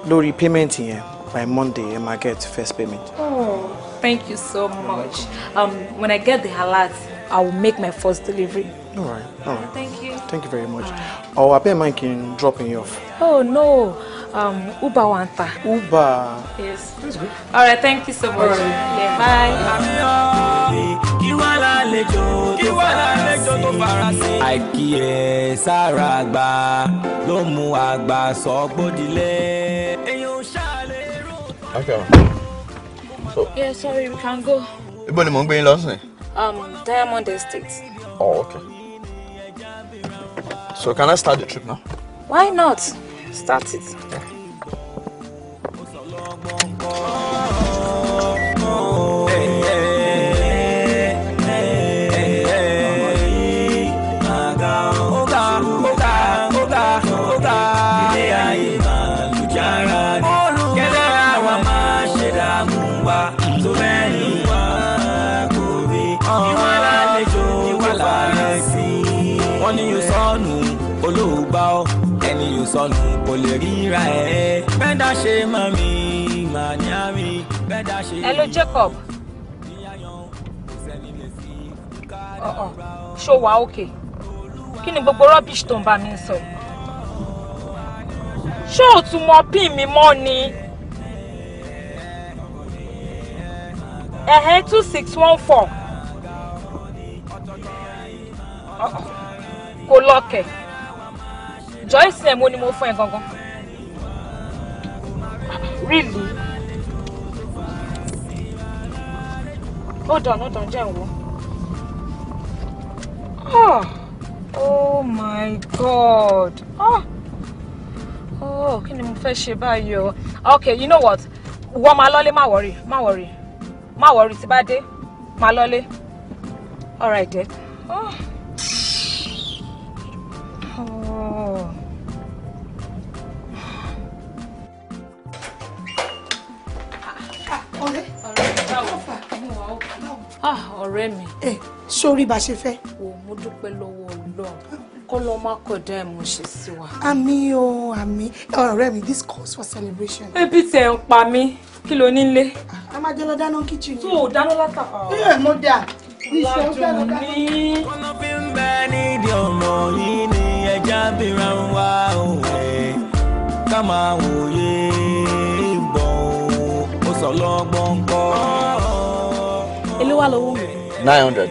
lórí payment yẹn by Monday, I get first payment. Oh, thank you so much. Um, when I get the alert, I will make my first delivery. All right, all right. Thank you. Thank you very much. Right. Oh, I bet mine can drop me off. Oh, no. Um, Uber Wanta. Uber. Yes. good. All right, thank you so much. right. Yeah, bye. Um, Àìkíyèsára àgbà ló mú àgbà sọ́gbódilé. Akara. So. Yeah, sorry, we can go. Ibo ni mo ń gbé yín lọ sìn? Um, Diamond Estate. Oh, okay. So can I start the trip now? Why not? Start it. Yeah. lè ríra ẹ̀ bẹ́ẹ̀dá ṣe mọ̀ mí mà ní àmì bẹ́ẹ̀dá ṣe. hello Jacob. ọ̀ọ̀ ṣó wàá òkè kí ni gbogbo rubbish tó ń bá mi sọ ṣó o tún mọ pín mi mọ́ ni. ẹ̀hẹ́ two six one four kò lọ́kẹ̀ẹ́. Joyce ẹ̀ mo ni mo fún ẹ gangan. Really? Hold on, hold on, jẹ́ wo. Oh, ah, oh my God. Oh, oh kí ni mo fẹ́ ṣe báyìí Okay, you know what? Wọ́n máa lọ́lé má wọ̀rì, má wọ̀rì, má wọ̀rì tí bá dé, máa lọ́lé. All right, dear. Oh. Ah, ọ̀rẹ́ mi. ẹ sórí bá ṣe fẹ́. wò mo dúpẹ́ lọ́wọ́ Ọlọ́run kọ́ lọ má kọ̀dá ẹ̀ mo ṣe sí wa. àmì o àmì ọ̀rẹ́ mi this calls for celebration. ebi tẹ ń pa mí kí ló nílé. a máa jẹ́ lọ dáná kitchen. tó o dáná látàkọ́. ẹ mo dà. ìṣòro fẹ́ lọ dáná. ọlọ́bí ń bẹ nídìí jábìrán wa òwe ká nine hundred.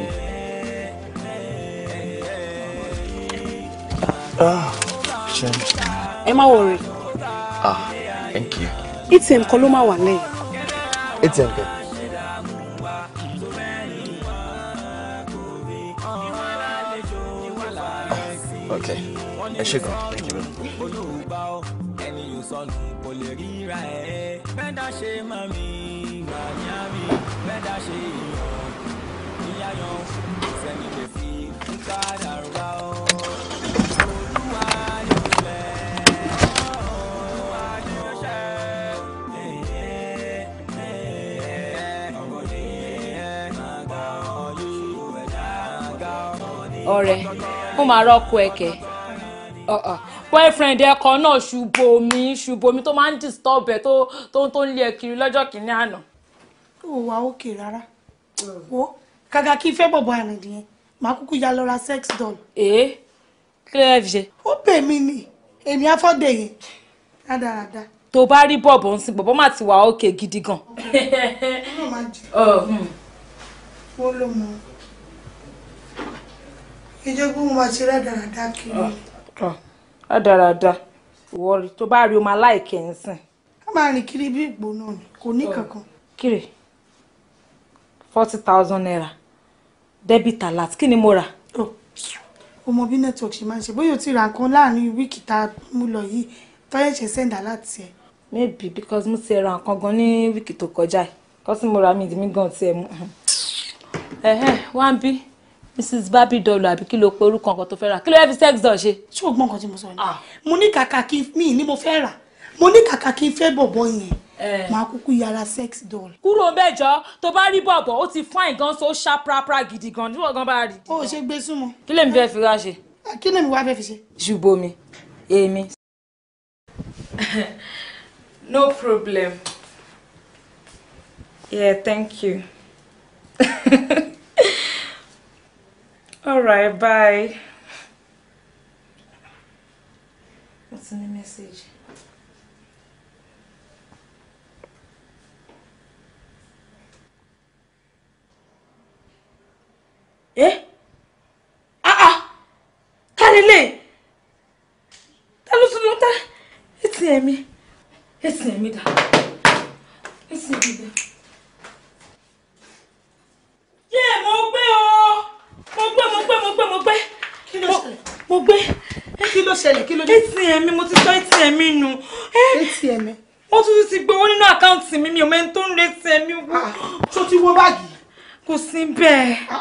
Ah, ẹ má wọrí. ah thank you. It's in ló Wale. It's lẹ́yìn. atm ẹ ṣe gan thank ọ ẹni yóò sọnù kò lè ríra ẹ bẹ́ẹ̀dá ṣe máa mi gbà àmì bẹ́ẹ̀dá ṣe èèyàn níyàyàn sẹ́ni lè fi padà rúbá ọ. olúwa mo máa rọ́ọ̀kú ẹ̀kẹ́ Uh-uh. boyfriend ẹ̀kọ́ náà ṣùbọ̀mí ṣùbọ̀mí tó máa ń disturb ẹ̀ tó tó ń lé ẹ kiri lọ́jọ́ kìíní àná. ó wà òkè rárá wo kàkà kí fẹ́ bọ̀bọ̀ àrìndì yẹn màá kúkú ya lọ ra sex doll. ee kí lè fi ṣe. ó bẹ̀ mí ni èmi afọ́dẹ̀ yẹn rádaràda. tó bá rí bọ̀bọ̀ ń sin bọ̀bọ̀ má ti wà òkè gidi gan. ó oh, hmm. ló mọ ìjọba òun máa ṣe rádaràda kiri. Oh ọ dáradá ìwọ rí tó bá rí o máa láìkẹ́ ń sìn. ká máa rìn kiri bí ìgbò ni kò ní kankan. kiri forty thousand naira debit alert kí ni mo rà. Oh, o mọ bí network ṣe máa ń ṣe bóyá o ti ra nǹkan láàrin wíìkì tá a mú lọ yìí tọ́yẹ̀ ṣe send ẹ̀. maybe because mo ti ra nǹkan gan ní wíìkì tó kọjá yìí kọ́sí mo ra mi ìdí mi gan tiẹ̀ mú. ẹ̀hẹ́ wá mrs babi dọlù àbí kí ló pe orúkọ nǹkan tó fẹ́ rà kí ló yẹ fi sex doll ṣe. ṣé o gbọ́ nǹkan tí mo sọ ni ah. mo ní kàkà kí mi ni mo fẹ́ rà mo ní kàkà kí n fẹ́ bọ̀bọ̀ yẹn eh. máa kúkú yára sex doll. kúrò mẹ́jọ tó bá rí bọ̀bọ̀ ó ti fine gan so ṣá prapra gidi gan níwọ̀n gan bá rí. o ò ṣe gbé súnmọ́. kí lèmi fẹ́ fi wá ṣe. Ah, kí lèmi wá fẹ́ fi ṣe. ṣùgbọ́n mi èmi. no problem. yeah thank you. All right, bye. What's in the message? Eh? Ah ah! Kálílé! Ta ló tún lọ tá? Etí ẹ̀mí. me, ẹ̀mí dà. me, ẹ̀mí dà. Yé mo gbé o! mo gbé mo gbé mo gbé mo gbé mo gbé. kí ló ṣẹlẹ̀ kí ló dé. atm mi mo ti sọ atm mi nù. atm mi. wọ́n tún ti gbowó nínú àkáǹtì mi mi ò mẹ́ni tó ń lo atm mi. tó ah, ti wọ báàgì. kò sí bẹ́ẹ̀. Ah,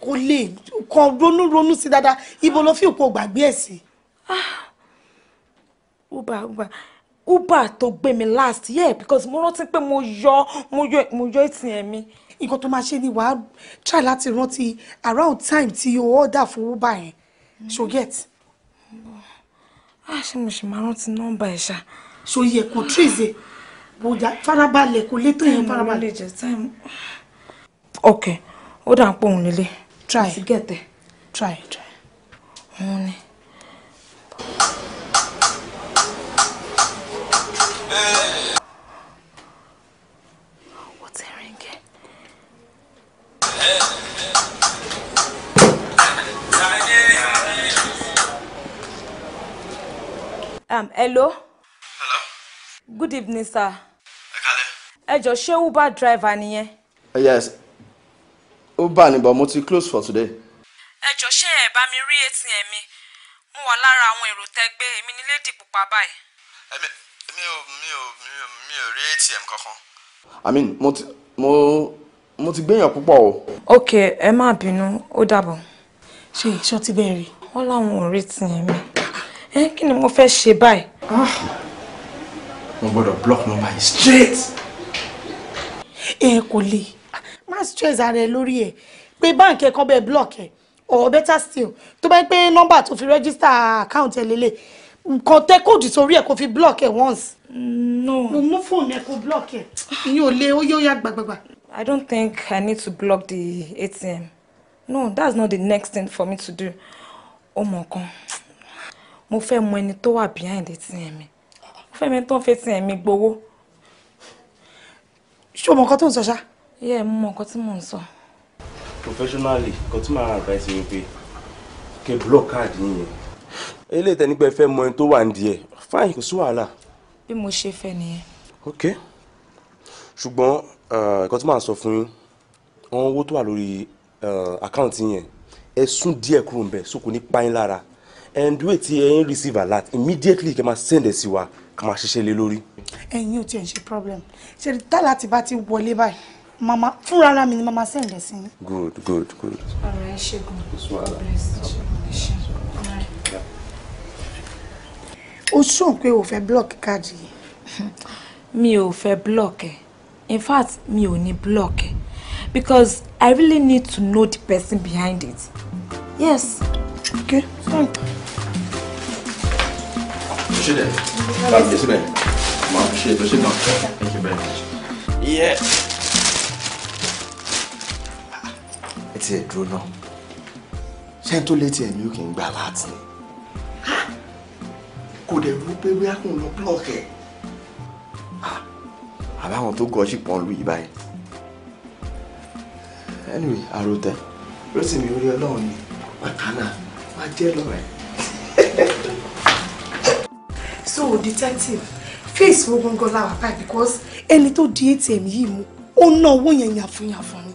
kò lè kàn ronú ronú sí dáadáa ibo ló fi òpó gbàgbé ẹ̀ sí. Ah, uber uber uber tó gbé mi last year because mo rántí pé mo yọ mo yọ mo yọ atm nǹkan tó máa ṣe ni wàá try láti rántí around time tí o order fún uber yẹn mm. so get. a ah, ṣe mo ṣe máa rántí nọ́mbà ẹ̀ ṣá. so yẹ kò tírèzè e. bóyá farabalẹ̀ kò létò yẹn farabalẹ̀. ok ó dà ń pọ̀ òun nílé. try it get it try try. òun Hey. Eh. Um, hello. Hello. Good evening, sir. Ẹ kálẹ́. just jọ̀ọ́ Uber driver nìyẹn? Uh, yes. Uber ni but mo ti close for today. Ẹ just ṣé ba mi rí ATM mi? Mo wà lára àwọn èrò tẹ́gbẹ́ èmi ní Lady Pupa báyìí. Ẹ̀mi mi ò mi ò mi ò mi ò rí ATM kankan. I mean mo ti mo mo ti gbéyàn púpọ̀ o. ok ẹ má bínú ó dàbọ̀ ṣe ìṣọ́ ti bẹ́ẹ̀ rí wọ́n láwọn ò retí mi ẹ kí ni mo fẹ́ ṣe báyìí. Ah! mo gbọ́dọ̀ block number yìí straight. ẹ kò lè má stress ara ẹ lórí ẹ pé báǹkì ẹ̀kan bẹ́ẹ̀ block ẹ or better still tó bá ń pé nọ́mbà tó fi register account ẹ lélẹ̀ nǹkan tẹ kóòdù sórí ẹ kó fi block ẹ once. no mo mú fóònù ẹ kó block ẹ ìyẹn ò lè ó yóò yá I don't think I need to block the ATM. No, that's not the next thing for me to do. Ọmọ kan, mo fẹ́ mọ ẹni to wà behind ATM mi. Mo fẹ́ mọ ẹni tó ń ATM mi show Ṣé o to nǹkan tó Yeah, mo mọ nǹkan tí mò ń Professionally, nǹkan tí màá advice mi pé kẹ́ block card yìnyín. Eléyìí tẹ́ ní pé fẹ́ mọ ẹni tó wà ń Fine, kò sí wàhálà. Bí mo ṣe fẹ́ nìyẹn. Okay. Ṣùgbọ́n Eh, nǹkan tí màá sọ fún yín àwọn owó tó wà lórí àkáǹtì eh, yẹn ẹ sún díẹ̀ kúrò ńbẹ̀ so kò ní pain yín lára and wait till ẹ̀yin receive alert immediately kẹ́ máa send ẹ̀ sí wa ká máa ṣiṣẹ́ lé lórí. ẹ̀yin ò tiẹ̀ ń ṣe problem ṣe tá láti bá ti wọlé báyìí mama fúnra ara mi ni mama send ẹ̀ sí good good good. ọ̀rọ̀ ẹ ṣègùn god bless you. o ṣùn pé o fẹ́ block káàdì yìí. mi ò fẹ́ block ẹ̀. Eh in fact me only ní block because i really need to know the person behind it yes. okay fine. ṣe thank you very much. Yeah. It's a drone. dúró náà ṣé n tó létí ẹ̀mí ò kì í gbà láti ni kò dẹ̀ rú pé bí a kò àbáwọn tó gọ̀ọ́ ṣìpọ̀n lù yìí báyìí anyway àròtẹ Rósìmí orí ọlọ́run ni wàtánà wàá jẹ́ lọ́rẹ́. so detective face wo gangan láwa báyìí because ẹni tó di atm yìí mú ó ná owó yẹn yàfùnyàfùn ni.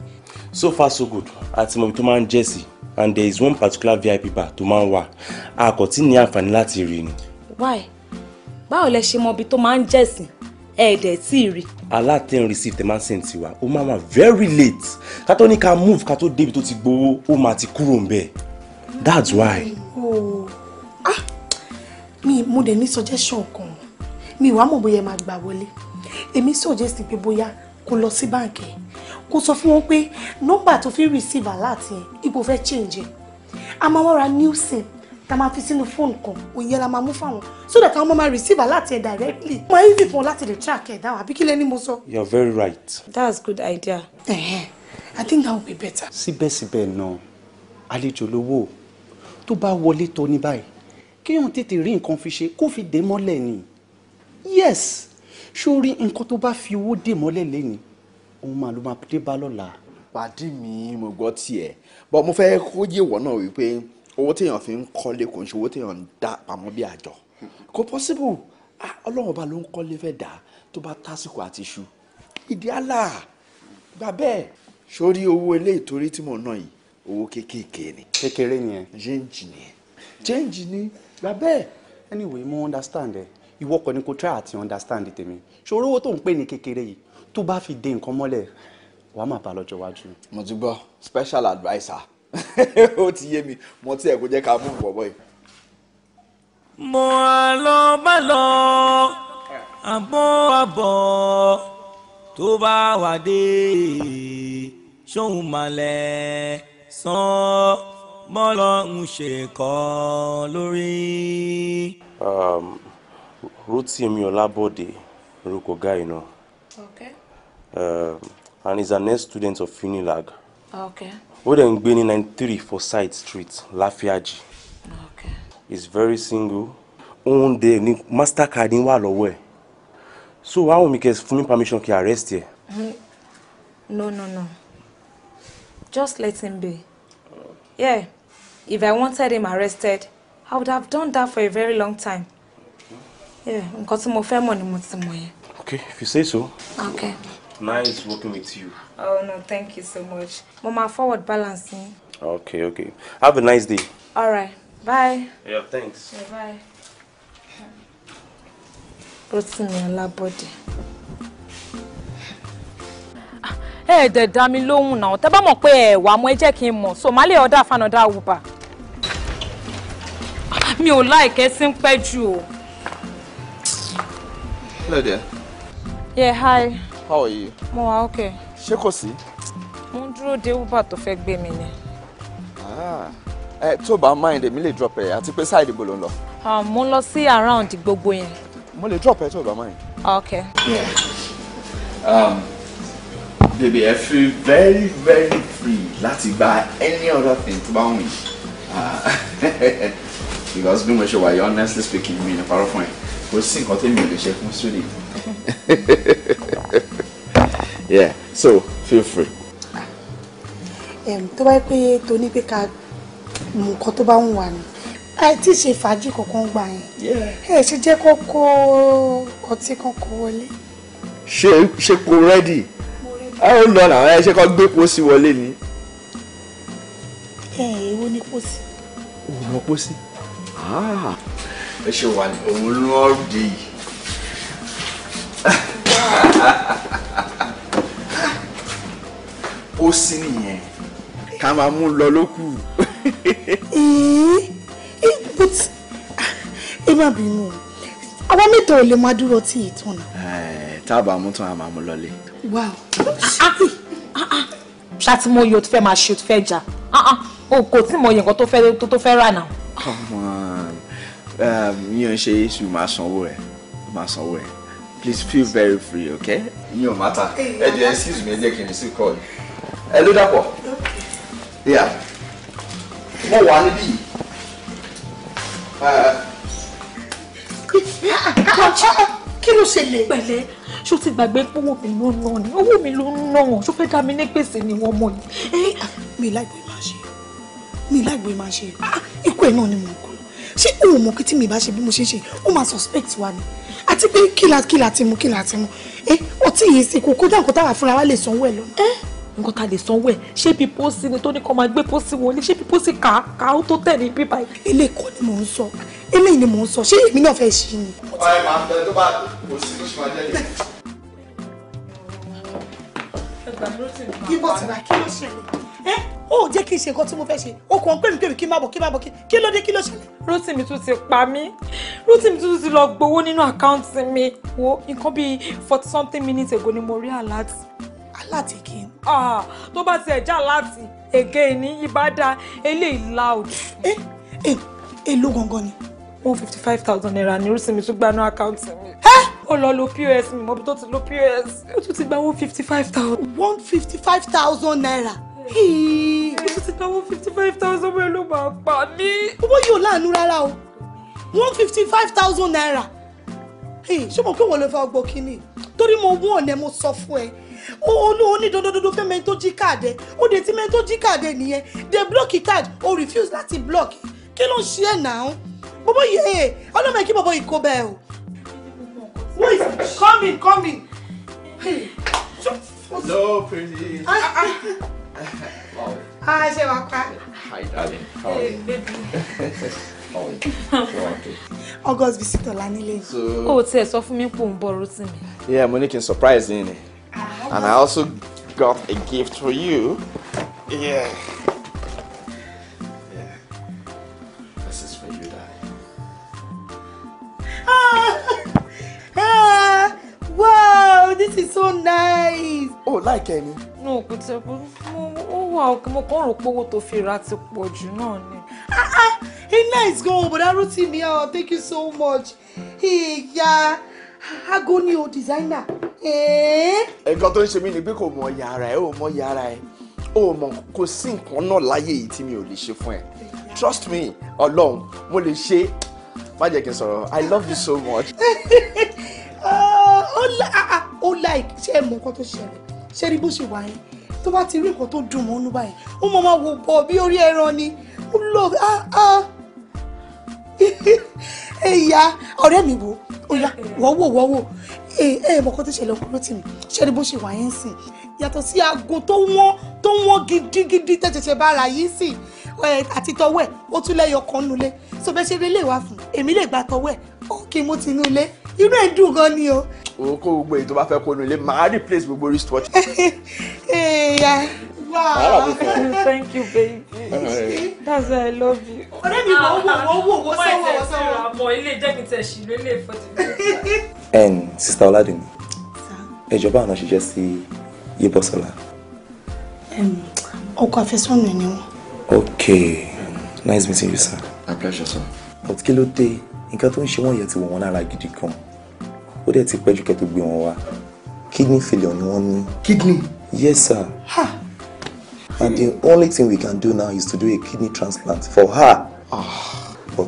so far so good àti mọ̀bí tó máa ń jẹ́ sí and there is one particular vip bar tó máa ń wà a kò tí ní àǹfààní láti rí ni. why báwo lẹ ṣe mọ̀bí tó máa ń jẹ́ sí ẹ̀ẹ́dẹ̀ tí ì rí. alátẹ̀rìn receipt máa ń send sí wa ó máa ma very late ká tó ní ká move ká tó débi tó ti gbowó ó máa ti kúrò ńbẹ̀ that's why. Oh. ah mi mo dẹ̀ ní suggestion kan mi wàá mọ̀ bóyá máa gbà wọlé èmi suggest pé bóyá kó lọ sí báǹkì kó sọ fún wọn pé nọ́mbà tó fi receive alert yẹn ibo fẹ́ change ẹ̀ a máa wá ra new sim tá a máa fi sínú fóònù kan òun yẹn la máa mú fáwọn so that àwọn ọmọ máa receive alert ẹ directly máa easy fún ọ láti lè track ẹ down àbí kí lẹ́ni mo sọ. you are very right. that's good idea. Uh-huh. I think that would be better. síbẹ̀síbẹ̀ náà àlejò lówó tó bá wọlé tó ní báyìí kéèyàn tètè rí nǹkan fi ṣe kó fi dé mọ́lẹ̀ ni yes sórí nǹkan tó bá fi owó dè mọ́lẹ̀ lẹ́ni òun máa ló máa dé bá lọ́la. pàdí mi mo gbọ́ tiẹ̀ bọ́ mo fẹ́ kó yé wọ náà wípé owó téèyàn fi ń kọ́lé kò ń ṣe owó téèyàn ń dá pamọ́ bí àjọ kò possible ah, ọlọ́run ọba ló ń kọ́lé fẹ́ dà tó bá tásìkò àti ṣu ìdí àlà gbà bẹ́ẹ̀ sórí owó ilé ìtorí tí mò ń ná yìí owó kéékèèké ni. kékeré nìyẹn. change ni change ni gbà bẹ́ẹ̀. anyway mo understand ẹ ìwọ kọ́ ni kò try àti understand tèmi ṣòro owó tó ń pè ní kékeré yìí tó bá fi de nǹkan mọ́lẹ̀ wàá má bàa lọ́jọ́ iwájú. mo ti gbọ́ special adviser ó ti yé mi mo tí ẹ kò jẹ́ ká mú bọ̀ bọ́ yìí. mo lọ bá lọ àbọ̀ àbọ̀ tó bá wà dé ṣóun malẹ̀ sàn bọ́lọ̀ ń ṣe kọ́ lórí. Um, Rotimi Olabode orúkọ guy náà. Okay. Uh, and he's an ex-student of Unilag. Okay ó dẹ̀ ń gbé ní ninety three for side street láfíàjì okay. is very single Own dẹ̀ ní mastercard ń wà lọ́wọ́ ẹ̀ so àwọn mi kẹ́ fún mi permission to arrest ẹ̀. Mm, no no no just let him be yeah if i wanted him arrested i would have done that for a very long time yeah nǹkan tí mo fẹ́ mọ̀ ni mo ti mọ̀ yẹn. okay if you say so. okay. Nice working with you. Oh no, thank you so much. Mo máa forward balancing. Okay, okay. Have a nice day. All right. Bye. Yeah, thanks. Yeah, bye. Rotimi Alábọ̀dé. Ah, ẹ dẹ̀ dá mi lóhùn náà, tẹ́ bá mọ̀ mo ẹ wà mọ́ ẹ jẹ́ kí n mọ̀, so má lè ọ̀dà fanọ̀dà wùbà. Mi ò láìkẹ́ sí ń pẹ́ jù Hello there. Yeah, hi. How are you? Mo wà okay. Ṣé kò sí? Mo ń dúró de Uber tó fẹ́ gbé mi ni. Ẹ ah. eh, tó bá mind èmi lè drop ẹ àti pé side ibo ló ń lọ. Mo ń lọ sí around gbogbo yẹn. Mo lè drop ẹ tó bá mind. Okay. Yeah. Um, baby ẹ feel very very free láti gba any other thing tó bá wù yín ah. because bí mo ṣe wà yìí honestly speaking mi ní parọ́ fún ẹ kò sí nǹkan tó mi ò lè ṣe fún student. yeah so feel free. tó bá yẹ pé toní pé ká nǹkan tó bá ń wà ní àì tí ì ṣe fàájì kankan gbà yẹn ẹ ṣe jẹ́ kó kó ọtí kankan wọlé. ṣé ṣé kó rẹ́dì ẹ ó lọ làwọn ẹ ṣe kó gbé pósí wọlé ni. ẹ èwo ni pósí. òun lọ pósí. Ah, ẹ ṣe wà ní òun lọ́ọ́ yìí ó sí nìyẹn ká máa mú lọ lókù. ẹ má bínú àwa mẹ́ta ò lè máa dúró tí ì tán tábà mú tán a máa mú lọlé. wow ṣáàtì mo yóò tó fẹ́ máa ṣe tó fẹ́ jà ah, ah. o kò tí mo yẹ nǹkan tó fẹ́ tó fẹ́ rà náà. come on mi ò ń é, iṣu máa sanwó ẹ máa sanwó ẹ. Please feel very free, okay? No matter. Hey, hey excuse me, Eddie, can you still call? Hello, Dapo. Yeah. Mo wà níbí. Kí ló ṣẹlẹ̀? Pẹ̀lẹ́, ṣó ti gbàgbé pé owó mi ló ń ná ni? Owó mi ló ń ná wọn, ṣó fẹ́ dá mi ní gbèsè ni wọ́n mọ̀ yìí. Eh, mi láìpẹ́ máa ṣe, mi láìpẹ́ máa ṣe, ah, ikú ẹ̀ náà ni mo kú. Ṣé òun mọ̀ kí tí mi bá ṣe bí mo ṣe ń ṣe, ó máa suspect wa ni àti pé kílà kílà ti mú kílà ti mú ẹ ọtí yìí sì kò kódà nǹkan táwa fúnra wa lè sanwó ẹ lọ́nà. nǹkan tá a lè sanwó ẹ ṣé bí pósí ni tó ní kó máa gbé pósí wọlé ṣé bí pósí kà á kà á tó tẹ̀ ní bíbá yìí. eléyìí kọ́ ni mò ń sọ eléyìí ni mò ń sọ ṣé èmi náà fẹ́ ṣí ni. ọ̀rẹ́ màá fẹ́ tó bá kò sí ló ṣe máa jẹ́ yìí. ìbọn tí wàá kí ló ṣẹlẹ̀ ẹ ó jẹ́ kí n ṣe nǹkan tí mo fẹ́ ṣe ó kàn ń pè mí pè mí kí n má bọ̀ kí n má bọ̀ kí ló kí ló ṣẹlẹ̀. Rótìmí tún ti pa mí Rótìmí tún ti lọ gbowó nínú àkáǹtì mi wo nǹkan bíi forty something minutes ago ni mo rí alert. alert again. ah tó bá tiẹ̀ já alert again ní ìbàdàn eléyìí loud. ẹ ẹ èló gangan ni. one fifty five thousand naira ni Rótìmí tún gbanú àkáǹtì mi. ẹ́ ó lọ lo pos mi mọ́bi tó ti lo pos ó tún ti gba one fifty five thousand. one fifty five thousand naira mo ti náwó fifty five thousand bẹ́ẹ̀ ló máa pa mí. owó yóò láàánú rárá o one fifty five thousand naira ṣé mo pé wọ́n lè fa ọgbọ́n kínní torí mo wọ́n ọ̀nà mo sọ fún ẹ olówó ní dandandandan fẹ́ mẹ́ni tó jí káàdẹ ó de ti mẹ́ni tó jí káàdẹ nìyẹn de blọ́ọ̀kì card ó refuse láti blọ́ọ̀kì kí ló ń ṣe ẹ̀ náà bọ́bọ́ yẹ ọlọ́mọ kí bọ́bọ́ ìkó bẹ́ẹ̀ o. wait come in come in. Hey. no pretty. Ah, ah. Hi, ṣe wá pa. Hi, darling. How are you? Eh, baby. How are you? Ṣé wàá tó? August visitor Lanile. So. O tiẹ̀ sọ fún mi pò ń bọ̀ Yeah, mo ní kí ah. And I also got a gift for you. Yeah. Yeah. This is for you, darling. Ah! Ah! Wow, this is so nice. Oh, like any? No, kò tẹ̀ No wà òkè mo kàn rò pé owó tó fi ra ti pọ̀ jù náà ni. Ah, ah, hey nice gan bọ̀dá Rotimi ọ ah, thank you so much. ìyá aago ni o designer. Eh? nǹkan tó ń ṣe mí ni pé kò mọ ọyà ara ẹ ò mọ ọyà ara ẹ ò mọ kò sí nǹkan náà láyé yìí tí mi ò lè ṣe fún ẹ trust me Ọlọ́run mo lè ṣe má jẹ́ kí n sọ̀rọ̀ i love you so much. ó like ṣé ẹ mọ nǹkan tó ṣẹlẹ̀ ṣé ẹ rí bó ṣe wà yín tó bá ti rí nǹkan tó dùn mọ́nú báyìí ó mọ̀ máa wò bọ̀ bí orí ẹran ni ó lọ ah, ah. ẹ̀yà ọ̀rẹ́ mi wò ó yá wọ́wọ́ wọ́wọ́ ẹ ẹ mọ̀kọ́ tó ṣẹlẹ̀ ọkùnrin tì mí ṣé ni bó ṣe wà yẹn sìn yàtọ̀ sí aago tó wọ́n tó wọ́n gidigidi tẹ̀sẹ̀sẹ̀ bá yìí sìn àti tọwẹ́ ó tún lẹ́yọ̀ kan nulẹ̀ so bẹ́ẹ̀ ṣe rí ilé wa fún èmi lè gba tọwẹ́ ó kí n mú tinú inú ẹ̀ dùn gan ni o. òun kó gbogbo èyí tó bá fẹ́ kó nu ilé màá replace gbogbo wristwatch. Wow. Thank you, baby. That's why I love you. Ọ̀rẹ́ mi wọ́n wò wọ́n wò wọ́n sọ́wọ́ wọ́n sọ́wọ́. Àmọ́ ilé jẹ́ kí n tẹ̀ ṣì lélẹ̀ fọ́tí. Ẹn sista Ọládùn, ìjọba àná ṣiṣẹ́ sí Yébọ̀sọ́lá. Ọkọ àfẹ́sọ́nà ni wọ́n. Okay, nice meeting you, sir. My pleasure, sir. But kí ló dé nǹkan tó ń ṣe wọ́n yẹn ti wọ̀ wọ́n lára gidi gan ó dẹ̀ ti pẹ́jù kẹ́ tó gbé wọn wá kidney failure ni wọ́n ní. kidney. yes sir. ha. and the only thing we can do now is to do a kidney transplant for her. Ah. but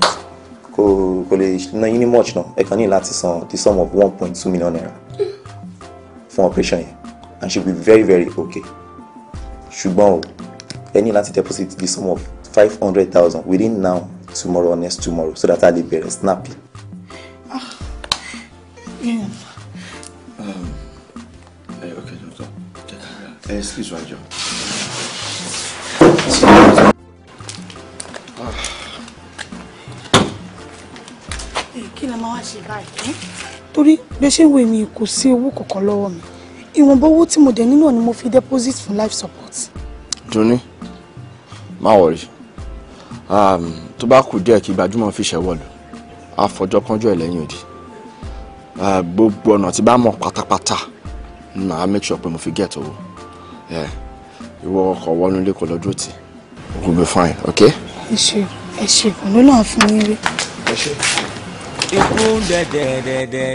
kò kò lè ná yín ní much náà ẹ kàn ní láti san the sum of one point two million naira fún operation yẹn and she will be very very okay ṣùgbọ́n o ẹ ní láti deposit the sum of five hundred thousand within now tomorrow or next tomorrow so that a lè bẹ̀rẹ̀ snapping. Ah, um, eh, eh, excuse me, Joe. Ah. Eh, kí ni máa wá ṣe báyìí? Torí bí ṣe ń wo èmi kò sí owó kankan lọ́wọ́ mi. Ìwọ̀nba owó tí mo dẹ̀ nílò ni mo fi deposit for life support. Johnny, má wọrí. Um, tó bá kù díẹ̀ kí gbajúmọ̀ fi ṣẹ́wọ̀lù àfọjọ́ kánjú ẹ̀ lẹ́yìn òdì gbogbo ọ̀nà tí bá mọ̀ pátápátá màá make sure pé mo fi get owó ìwọ ọkọ̀ wọnú ilé kò lọ́dún tì will be fine ok. ẹ ṣe ẹ ṣe òun náà fún yín rí. ẹ ṣe. ikú dẹ̀dẹ̀dẹ̀dẹ̀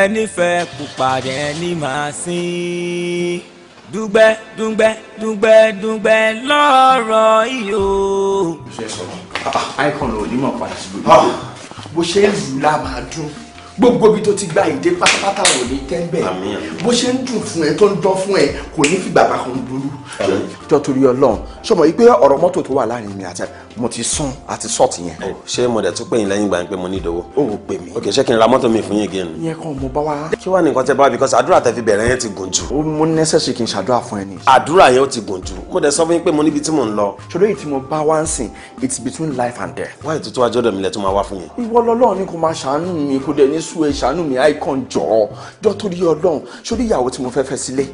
ẹni fẹ́ pupa dẹ̀ ni màá sìn dùgbẹ́ dùgbẹ́ dùgbẹ́ dùgbẹ́ lọ́rọ̀ iyo. Ah, icon ò ní mọ̀ padà sí gbogbo ah, bó ṣe ń lù la máa dún gbogbo ibi tó ti gba ìdè pátápátá ò ní tẹ́ńbẹ̀ bó ṣe ń dùn fún ẹ tó ń dán fún ẹ kò ní fi bàbá kan burú. jọ torí Ọlọ́run sọmọ yìí pé ọ̀rọ̀ mọ́tò tó wà láàrin mi àti mo ti sún àti sọ́ọ̀tì yẹn. Oh, ṣé mo dẹ̀ tún pè yín lẹ́yìn ìgbà yẹn pé mo ní ìdòwò. o ò pè mí. ok ṣé kí n ra mọ́tò mi fún yín again. ìyẹn kan mo bá wa. kí wàá ní nǹkan tẹ bá wa because àdúrà tẹ fi bẹ̀rẹ̀ yẹn ti gùn jù. ó mo necessary kí n ṣàdúrà fún ẹ ni. àdúrà yẹn ó ti gùn jù mo dẹ̀ sọ fún yín pé mo níbi tí mò ń lọ. ṣòro èyí tí mo bá wá ń sìn it's between life and death. wáyé tuntun ajọ́dọ̀ mi lẹ tún máa wá fún yẹn. ìwọ lọ́lọ́run ni kò máa ṣàánú mi kò dẹ̀ ní sú ẹ ṣàánú mi àìkàn jọ̀ọ́ jọ́ torí ọlọ́run ṣòro ìyàwó tí mo fẹ́ fẹ́ sílé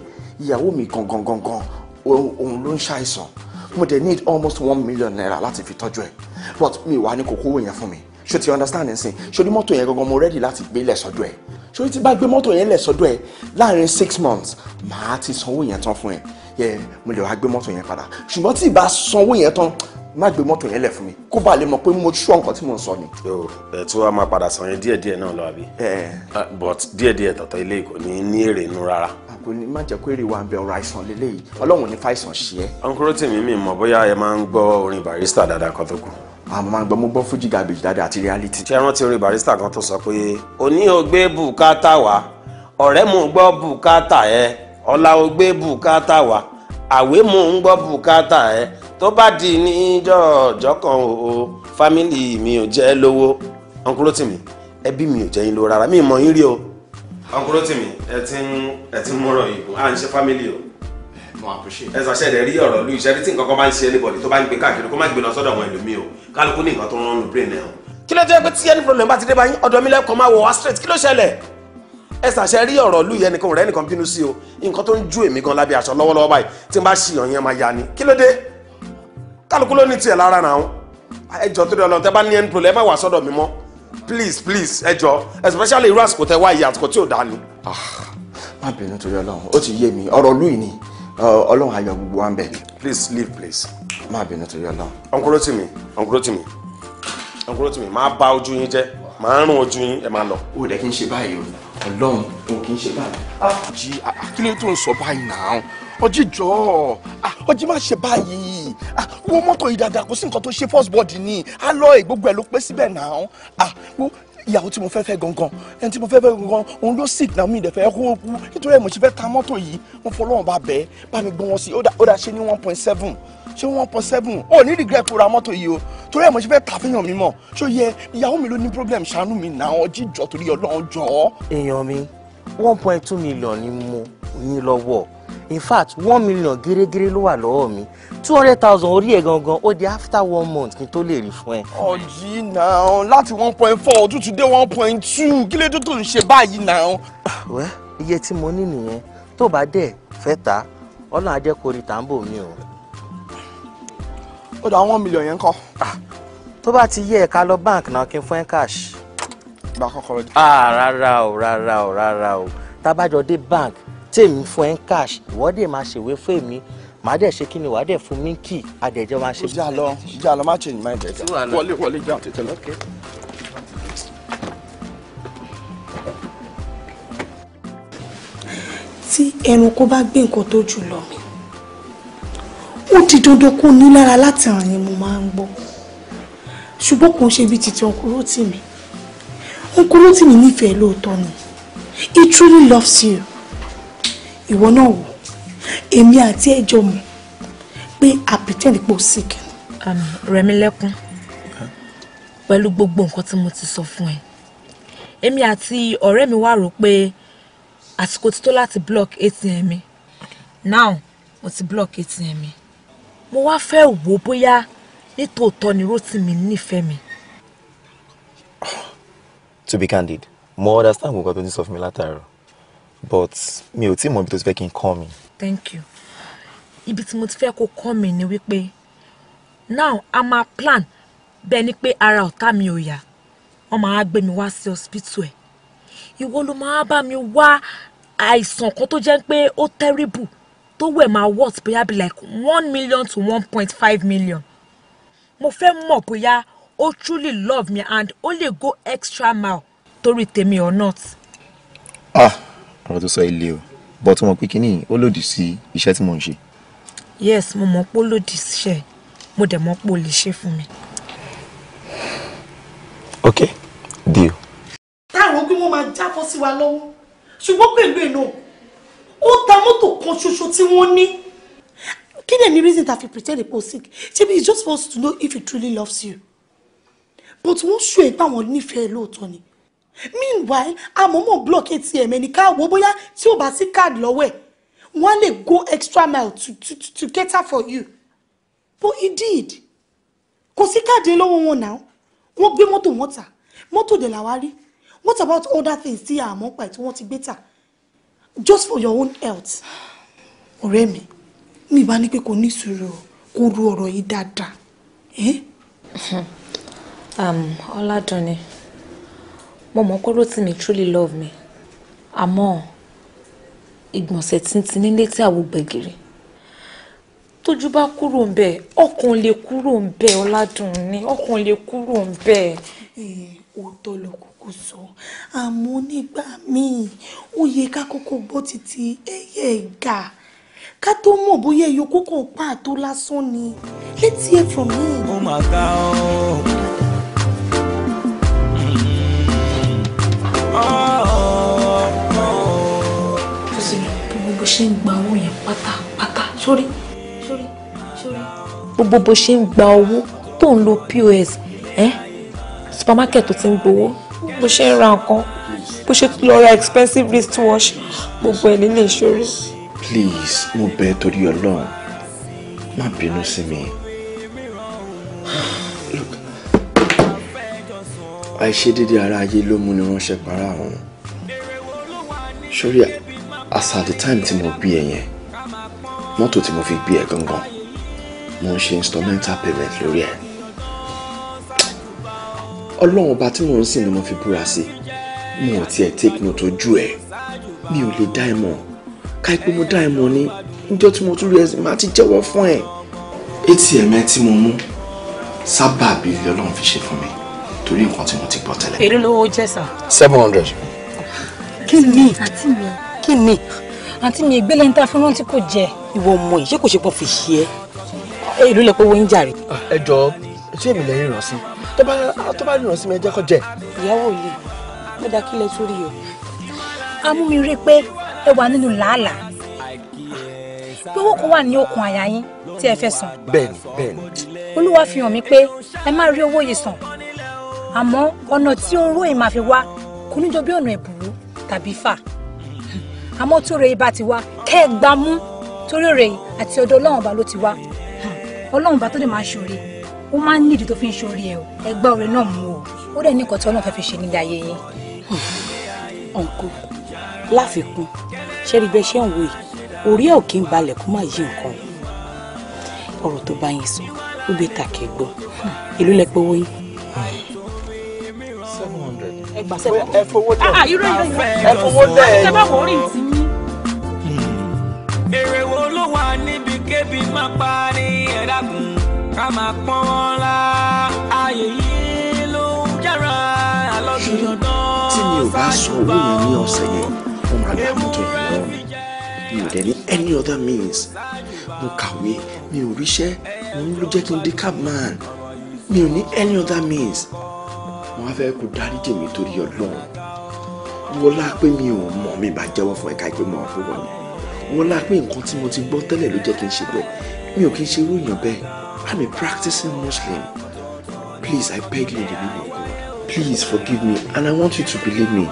ìyàwó mi gangan gangan òun ló ń ṣàìsàn But they need almost one million naira láti fi tọ́jú ẹ̀ but mi wà ní kókó yẹn fún mi ṣé ti understand nsìn ṣorí mọ́tò yẹn gangan mo ready láti gbé lẹ̀ sọ́dọ̀ ẹ̀ ṣorí ti bá gbé mọ́tò yẹn lẹ̀ sọ́dọ̀ ẹ̀ láàrin six months màá ti sanwó yẹn tán fún ẹ yẹ mo lè wá gbé mọ́tò yẹn padà ṣùgbọ́n tí ì bá sanwó yẹn tán má gbé mọ́tò yẹn lẹ̀ fún mi kó bàa lè mọ̀ pé mo ṣú nǹkan tí mo ń sọ ni. o ẹ tí wàá máa padà san yẹn díẹ̀ díẹ̀ náà lọ àbí. Ah, but díẹ̀ díẹ̀ tọ̀tọ̀ ilé kò ní ní èrè inú rárá. àgbo ni má jẹ́ kó èrè wa ń bẹ ọ̀rọ̀ àìsàn lélẹ́yìí ọlọ́run ní fàìsàn ṣe é. ọ̀nkúrò tèmi mi mọ̀ bóyá ẹ máa ń gbọ́ orin barista dáadáa kan tó kù àmọ́ máa ń gbọ́ mo gbọ́ fújì garbage dáadáa àti reality. ṣé rántí orin barista kan tó sọ pé òní ò gbé bùkátà wá ọ̀rẹ́ mò ń gbọ́ bùkátà ẹ ọ̀la tó bá di níjọ́ ọjọ́ kan o fámìlì mi ò jẹ́ lówó ọ̀nkúrò tì mí ẹbí mi ò jẹ́ yín lówó rárá mi ì mọ̀ yín rí o. ọ̀nkúrò tì mí ẹ ti ń ẹ ti ń múrọ̀ ìbò à ń ṣe fámìlì o mo appreciate. ẹ ṣàṣẹ rẹ rí ọ̀rọ̀ lu iṣẹ́ tí nǹkan kan bá ń ṣe anybody tó bá ń gbé káàkiri kó má gbé lọ sọ́dọ̀ àwọn ẹlòmíì o kálukú ní nǹkan tó ń rán nu brain ẹ o. kí ló jẹ́ pé tí any problem bá ti dé bá yín ọ̀dọ̀ mi lẹ́kọ̀ọ́ máa wọ̀ wá straight kí ló ṣẹlẹ̀. ẹ ṣàṣẹ rí ọ̀rọ̀ lu yẹn nìkan rẹ nìkan bínú sí o nǹkan tó ń ju èmi gan lábẹ́ aṣọ lọ́wọ́lọ́wọ́ báyìí tí n bá ṣì kálukú ló ní tiẹ̀ lára náà ẹjọ́ tó dé ọlọ́run tẹ́ bá ní end problem ẹ má wà sọ́dọ̀ mi mọ́ please please ẹjọ́ especially irú àsìkò tẹ́ wá ìyá àsìkò tí ò dáa ni. Ah, má bínú torí ọlọ́run ó ti yé mi ọ̀rọ̀ lùi ni ọlọ́run ayọ̀ gbogbo wa ń bẹ̀. please leave please. má bínú torí ọlọ́run. ọ̀nkúrò tì mí ọ̀nkúrò tì mí ọ̀nkúrò tì mí máa bà ojú yín jẹ́ máa ń rún ojú yín ẹ máa lọ. o dẹ kí n ṣe báyìí o Ọlọ́run o kì í ṣe báyìí. Ah, jí ah, Ah, wo mọ́tò yìí dáadáa kò sí nǹkan tó ṣe first body ni alọ́ọ̀ gbogbo ẹ̀ ló pé síbẹ̀ náà ah, wo ìyàwó tí mo fẹ́ fẹ́ gangan ẹni tí mo fẹ́ fẹ́ gangan òun ló sick náà mi ì dẹ̀fẹ́ kó kú nítorí ẹ̀ mo ṣe fẹ́ ta mọ́tò yìí mo fọlọ́run bá bẹ́ẹ̀ bá mi gbọ́n wọn sí ó dà ṣe ní one point seven ṣé one point seven ó ní regret kó ra mọ́tò yìí o torí ẹ̀ mo ṣe fẹ́ ta fihàn mi mọ̀ ṣó yẹ ìyàwó mi ló ní problem ṣàánú mi náà jíjọ torí ọlọ́run jọ. èèyàn mi one point two million ni mo ní lọ́wọ́ in fact one million gẹ́rẹ́gẹ́rẹ́ ló wà lọ́wọ́ mi two hundred thousand orí ẹ̀ gangan ó di after one month kí n tó lè rí fún ẹ. ọ̀jì oh, náà láti one point four ọdún tún dé one point two kí lè tó tó ń ṣe báyìí náà. wẹ́ iye tí mo ní nìyẹn tó bá dẹ̀ fẹ́ ta ọlọ́run á jẹ́ rí tàǹbò mi o. ó dà one million yẹn kọ́. Ah, tó bá ti yẹ ẹ̀ ká lọ bank náà kí n fún ẹ cash. gba kọ́kọ́rọ́ di. Ah, rárá o rárá o rárá o tá dé bank tèmi fún ẹ ń cash ìwọ dẹ̀ máa ṣèwé fún èmi màá dẹ̀ ṣe kí ni wàá dẹ̀ fún mi kì àdẹ̀jọ́ máa ṣe. ìjà lọ ìjà lọ má ṣe ìyìnbá ìjẹjà wọlé wọlé ìjà tètè lọ. tí ẹranko bá gbé nǹkan tó jù lọ ó di dandan kó ní lára láti ràn yín mo máa ń gbọ́ ṣùgbọ́n kò ń ṣe bí titi ọkùnrin tì mí ọkùnrin tì mí nífẹ̀ẹ́ lóòótọ́ ni he truly loves you ìwọ náà wò èmi àti ẹjọ́ mọ̀ pé àpètẹ́ni pò sick. Rẹ̀mílẹ́kún pẹ̀lú gbogbo nǹkan tí mo ti sọ fún ẹ èmi àti ọ̀rẹ́ mi wá rò pé àsìkò ti tó láti block atm mi now mo ti block atm mi mo wá fẹ́ wò bóyá nítòótọ́ ni Rótìmí nífẹ̀ẹ́ mi. to be candid mo understand nǹkan tó ti sọ fún mi látàárọ̀ but mi ò tí mọ ibi tó ti fẹ́ kí n kọ́ mi. thank you ibi tí mo ti fẹ́ kó kọ́ mi ni wípé now a máa plan bẹ́ẹ̀ ni pé ara ọ̀tá mi ò yá wọ́n máa gbé mi wá sí hospital ẹ̀ ìwọ ló máa bá mi wá àìsàn kan tó jẹ́ pé ó terrible tó wẹ̀ máa worth bóyá be like one million to one point five million mo fẹ́ mọ̀ bóyá ó truly love me and ó lè go extra mile torí tèmi or not. ah ọ̀rọ̀ tó sọ ilé o but mo mọ̀ pé kínní ó lòdì sí iṣẹ́ tí mò ń ṣe. yes mo mọ̀ pé ó lòdì síṣẹ́ mo dẹ̀ mọ̀ pé o lè ṣe fún mi. ok deal. táwọn pé wọ́n máa jábọ́ sí wa lọ́wọ́ ṣùgbọ́n pẹ̀lú ìnà ó ta mọ́tò kan ṣoṣo tí wọ́n ní. kí ni any reason ta fi pretend pé o sick ṣebí it's just for us to know if he truly loves you but wọ́n ṣù ẹ̀ pé àwọn nífẹ̀ẹ́ lóòótọ́ ni meanwhile àmọ́mọ́ block atm ẹni ká wo bóyá tí ò bá sí card lọ́wọ́ ẹ̀ wọ́n lè go extra mile to to to, to cater for you but he did kò sí káàdì lọ́wọ́ wọn náà wọ́n gbé mọ́tò wọn tà mọ́tò dẹ̀ làwa rí what about other things tí àmọ́ pa tí wọ́n ti gbé tà just for your own health ọ̀rẹ́ mi mi bá ní pé kò ní sùúrù kó ru ọ̀rọ̀ yìí dáadáa. ọ̀làdùnni. Eh? Um, mo mọ̀ pé Rotimi truly love me àmọ́ ìgbọ̀nsẹ̀ tíntín nílé tí àwo gbẹ̀gìrì tójú bá kúrò ń bẹ ọkàn lè kúrò ń bẹ ọ̀làdùn ni ọkàn lè kúrò ń bẹ. òótọ́ ló kúkú sọ àmọ́ nígbà míì ó yẹ ká kọ́kọ́ bọ́ títí ẹyẹ ẹ̀gà ká tó mọ̀ bóyá ẹyọ kókó pàtó lásán ni let's hear from me. ó mà ga ọ́. ṣe ń gba owó yẹn pátápátá sórí sórí sórí gbogbo bó ṣe ń gba owó tó ń lo pos supermarket tó ti ń gbowó bó ṣe ń ra nǹkan bó ṣe lọ ra expensive wristwatch gbogbo ẹ̀ nílé ìṣòro. please mo bẹ torí Ọlọ́run má bínú sí mi look àìṣedéédé ara ayé ló mú ni ránṣẹ́ para àwọn sórí as at the time tí mo bí ẹ yẹn mọ́tò tí mo fi gbé ẹ gangan mo ń ṣe instrumental payment lórí ẹ ọlọ́run ọba tí mò ń sìn ni mo fi búra sí mo ò tiẹ̀ take note ojú ẹ mi ò lè dá ẹ mọ̀ ká pé mo dá ẹ mọ̀ ni níjọ́ tí mo tún rí ẹ máa ti jẹ́wọ́ fún ẹ. atm ẹ tí mo mú sábàbí ilé ọlọ́run fi ṣe fún mi torí nǹkan tí mo ti gbọ́ tẹ́lẹ̀. èrè lówó jẹ́ sà. seven hundred. kí ni àti mi kí ni àǹtí mi ìgbélé ń ta fún rántí kò jẹ. ìwọ ọmọ yìí ṣé kò ṣe pọ̀ fi ṣe ẹ́ èló lẹ pé owó ń jàre. Ah, ẹ jọ ṣé èmi lẹ́yìn ràn sí tó bá tó bá ràn sí mi ẹ jẹ́ kó jẹ. ìyàwó yìí ó dáa kí lẹ tó rí o amúmire pé ẹ wà nínú làálàá pé owó kan wà ní okùn àyà yín tí ẹ fẹ́ san. bẹ́ẹ̀ni bẹ́ẹ̀ni. olúwa fi hàn mí pé ẹ má rí owó yìí san àmọ́ ọ̀nà tí oró yìí máa fi wá kò ní bí ọ̀nà ẹ̀bùrú tàbí fà àmọ́ tó rẹ̀ ibà ti wá kẹ́ ẹ gbá mú torí rẹ̀ àti ọ̀dọ̀ ọlọ́run ọba ló ti wá ọlọ́run ọba tó lè máa ṣòre ó máa ń nídìí tó fi ń ṣòre ẹ o ẹ gbá ọ̀rẹ́ náà mú o ó dẹ̀ ní nǹkan ọlọ́run fẹ́ fi ṣe nílé ayé yín. ọ̀nkú hmm. láfikún ṣẹ́rí bẹ́ẹ̀ ń wo yìí orí ẹ̀ ò kí ń balẹ̀ kó má yí nǹkan ọ̀rọ̀ tó bá yín sọ ó gbé tàkẹ́ gbọ́ ìlú hmm. lẹ́pẹ́ wọ́yìn gbà sẹ́wọ̀n. ẹ fowó lẹ̀ ah, ẹ fowó lẹ̀ ẹ tí mi ò bá sọ owó yẹn ní ọ̀sẹ̀ yẹn ó máa gbà mí yẹn lọ́rùn mi ò dẹ̀ ní any other means mo kàwé mi ò ríṣẹ́ mo ń ló jẹ́ kí n di cabman mi ò ní any other means mo wá fẹ́ kó dáríjì mi torí ọlọ́run wọ́n lá pé mi ò mọ̀ mi bá jẹ́wọ́ fún ẹ̀ka ìpè mọ̀ fún wọn wọ́n lá pé nǹkan tí mo ti gbọ́ tẹ́lẹ̀ ló jẹ́ kí n ṣe bẹ́ẹ̀ mi ò kí n ṣe irú èèyàn bẹ́ẹ̀ I'm a practicing Muslim please I beg you in the name of God please forgive me and I want you to believe me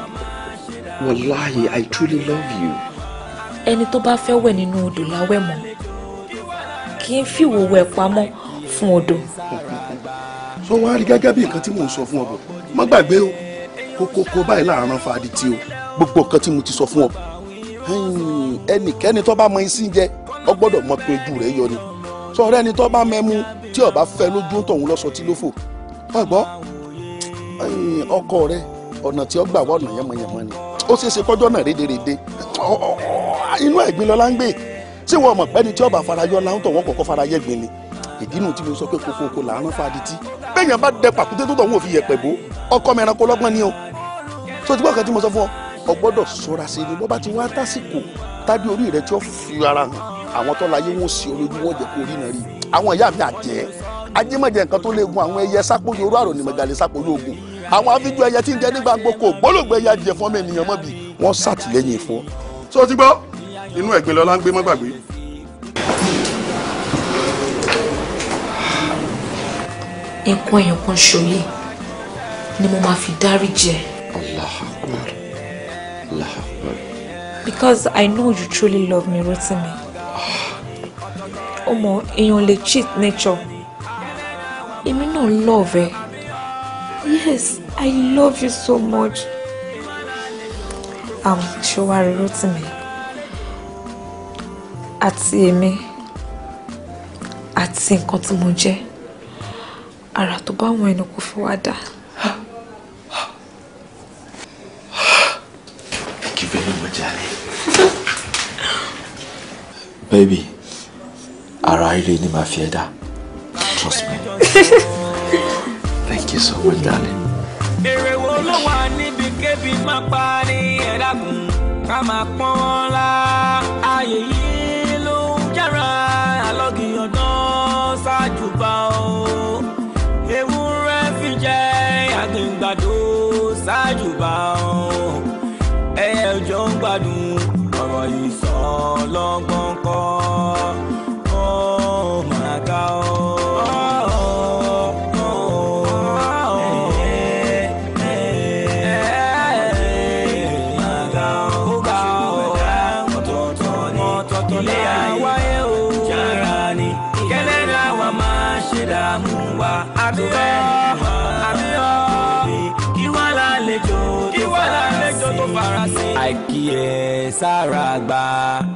wàláhì I truly love you. ẹni tó bá fẹ́ wẹ̀ nínú odò láwẹ̀ mọ́ kì í fìwò wẹ̀ pamọ́ fún odò sọ wọn á rí gẹ́gẹ́ bí nǹkan tí mò ń sọ fún ọ bọ̀ má gbàgbé o kókókó báyìí láàárọ̀ fàdí tí o gbogbo nǹkan tí mo ti sọ fún ọ ẹnikẹ́ni tó bá mọ iṣẹ́ jẹ ọ gbọ́dọ̀ mọ pé ojú rẹ̀ yọ ni sọ̀rọ̀ ẹni tó bá mẹ́mu tí ọba fẹ́ lójú tọ̀hún lọ́sọ tí ló fò gbàgbọ́ ọkọ rẹ ọ̀nà tí ó gbà wà ọ̀nà yẹmọyẹmọ ni ó ṣeé ṣe kọjọ́ náà rédeèrèdè inú ẹ̀gbin lọ́la ń gbé tí wọ́n mọ̀ pẹ́ni tí ọba farayọ́ láńtọ̀ wọ́n kọ̀ọ̀kan farayẹ́gbin ni ìdí nù tí mo sọ pé kókó kò láàrán fadití bẹ́ẹ̀yàn bá dẹ pàkúté tó tọ̀hún òfin yẹ̀pẹ̀ bó ọkọ mi ẹranko lọ́gbọ́n ni o tó ti gbọ́ kan tí mo sọ fún ọ ọ gbọ́dọ̀ sí ni bọ́ba ti wá tásìkò tádé orí rẹ tí ó fi ara hàn àwọn tó láyé wọn ò sí olójú wọn jẹ kó orí náà rí àwọn ìyá mi àjẹ́ ajé nǹkan tó léegun àwọn ẹyẹ sápò yorùbá àrò nìmọ̀gàlè sápò lóògùn àwọn afijọ́ ẹyẹ tí ń jẹ nígbà gbogbo gbólógbé ẹyẹ adìẹ fún ọmọ ènìyàn mọ́ bi wọ́n sàtìlẹ́yìn fún ọ. sọ ti gbọ́ inú ẹ̀gbin lọ́la ń gbé mọ́gbàgbé ẹ̀kan èèyàn kan ṣòye ni mo máa fi dárí jẹ. because I know you truly love me Rotimi. Omo, èèyàn lè cheat nature èmi náà love ẹ yes I love you so much. am ṣọwari Rotimi àti èmi àti nǹkan tí mo jẹ́ àrà tó bá wọn ẹnu kò fi wá dà. baby ara ire ni màá fi ẹ trust me thank you so much darling. èrè ló wà níbi kébi máa pa ẹ̀dá kùn ká máa pọ́n lá ààyè yìí. lára gbà.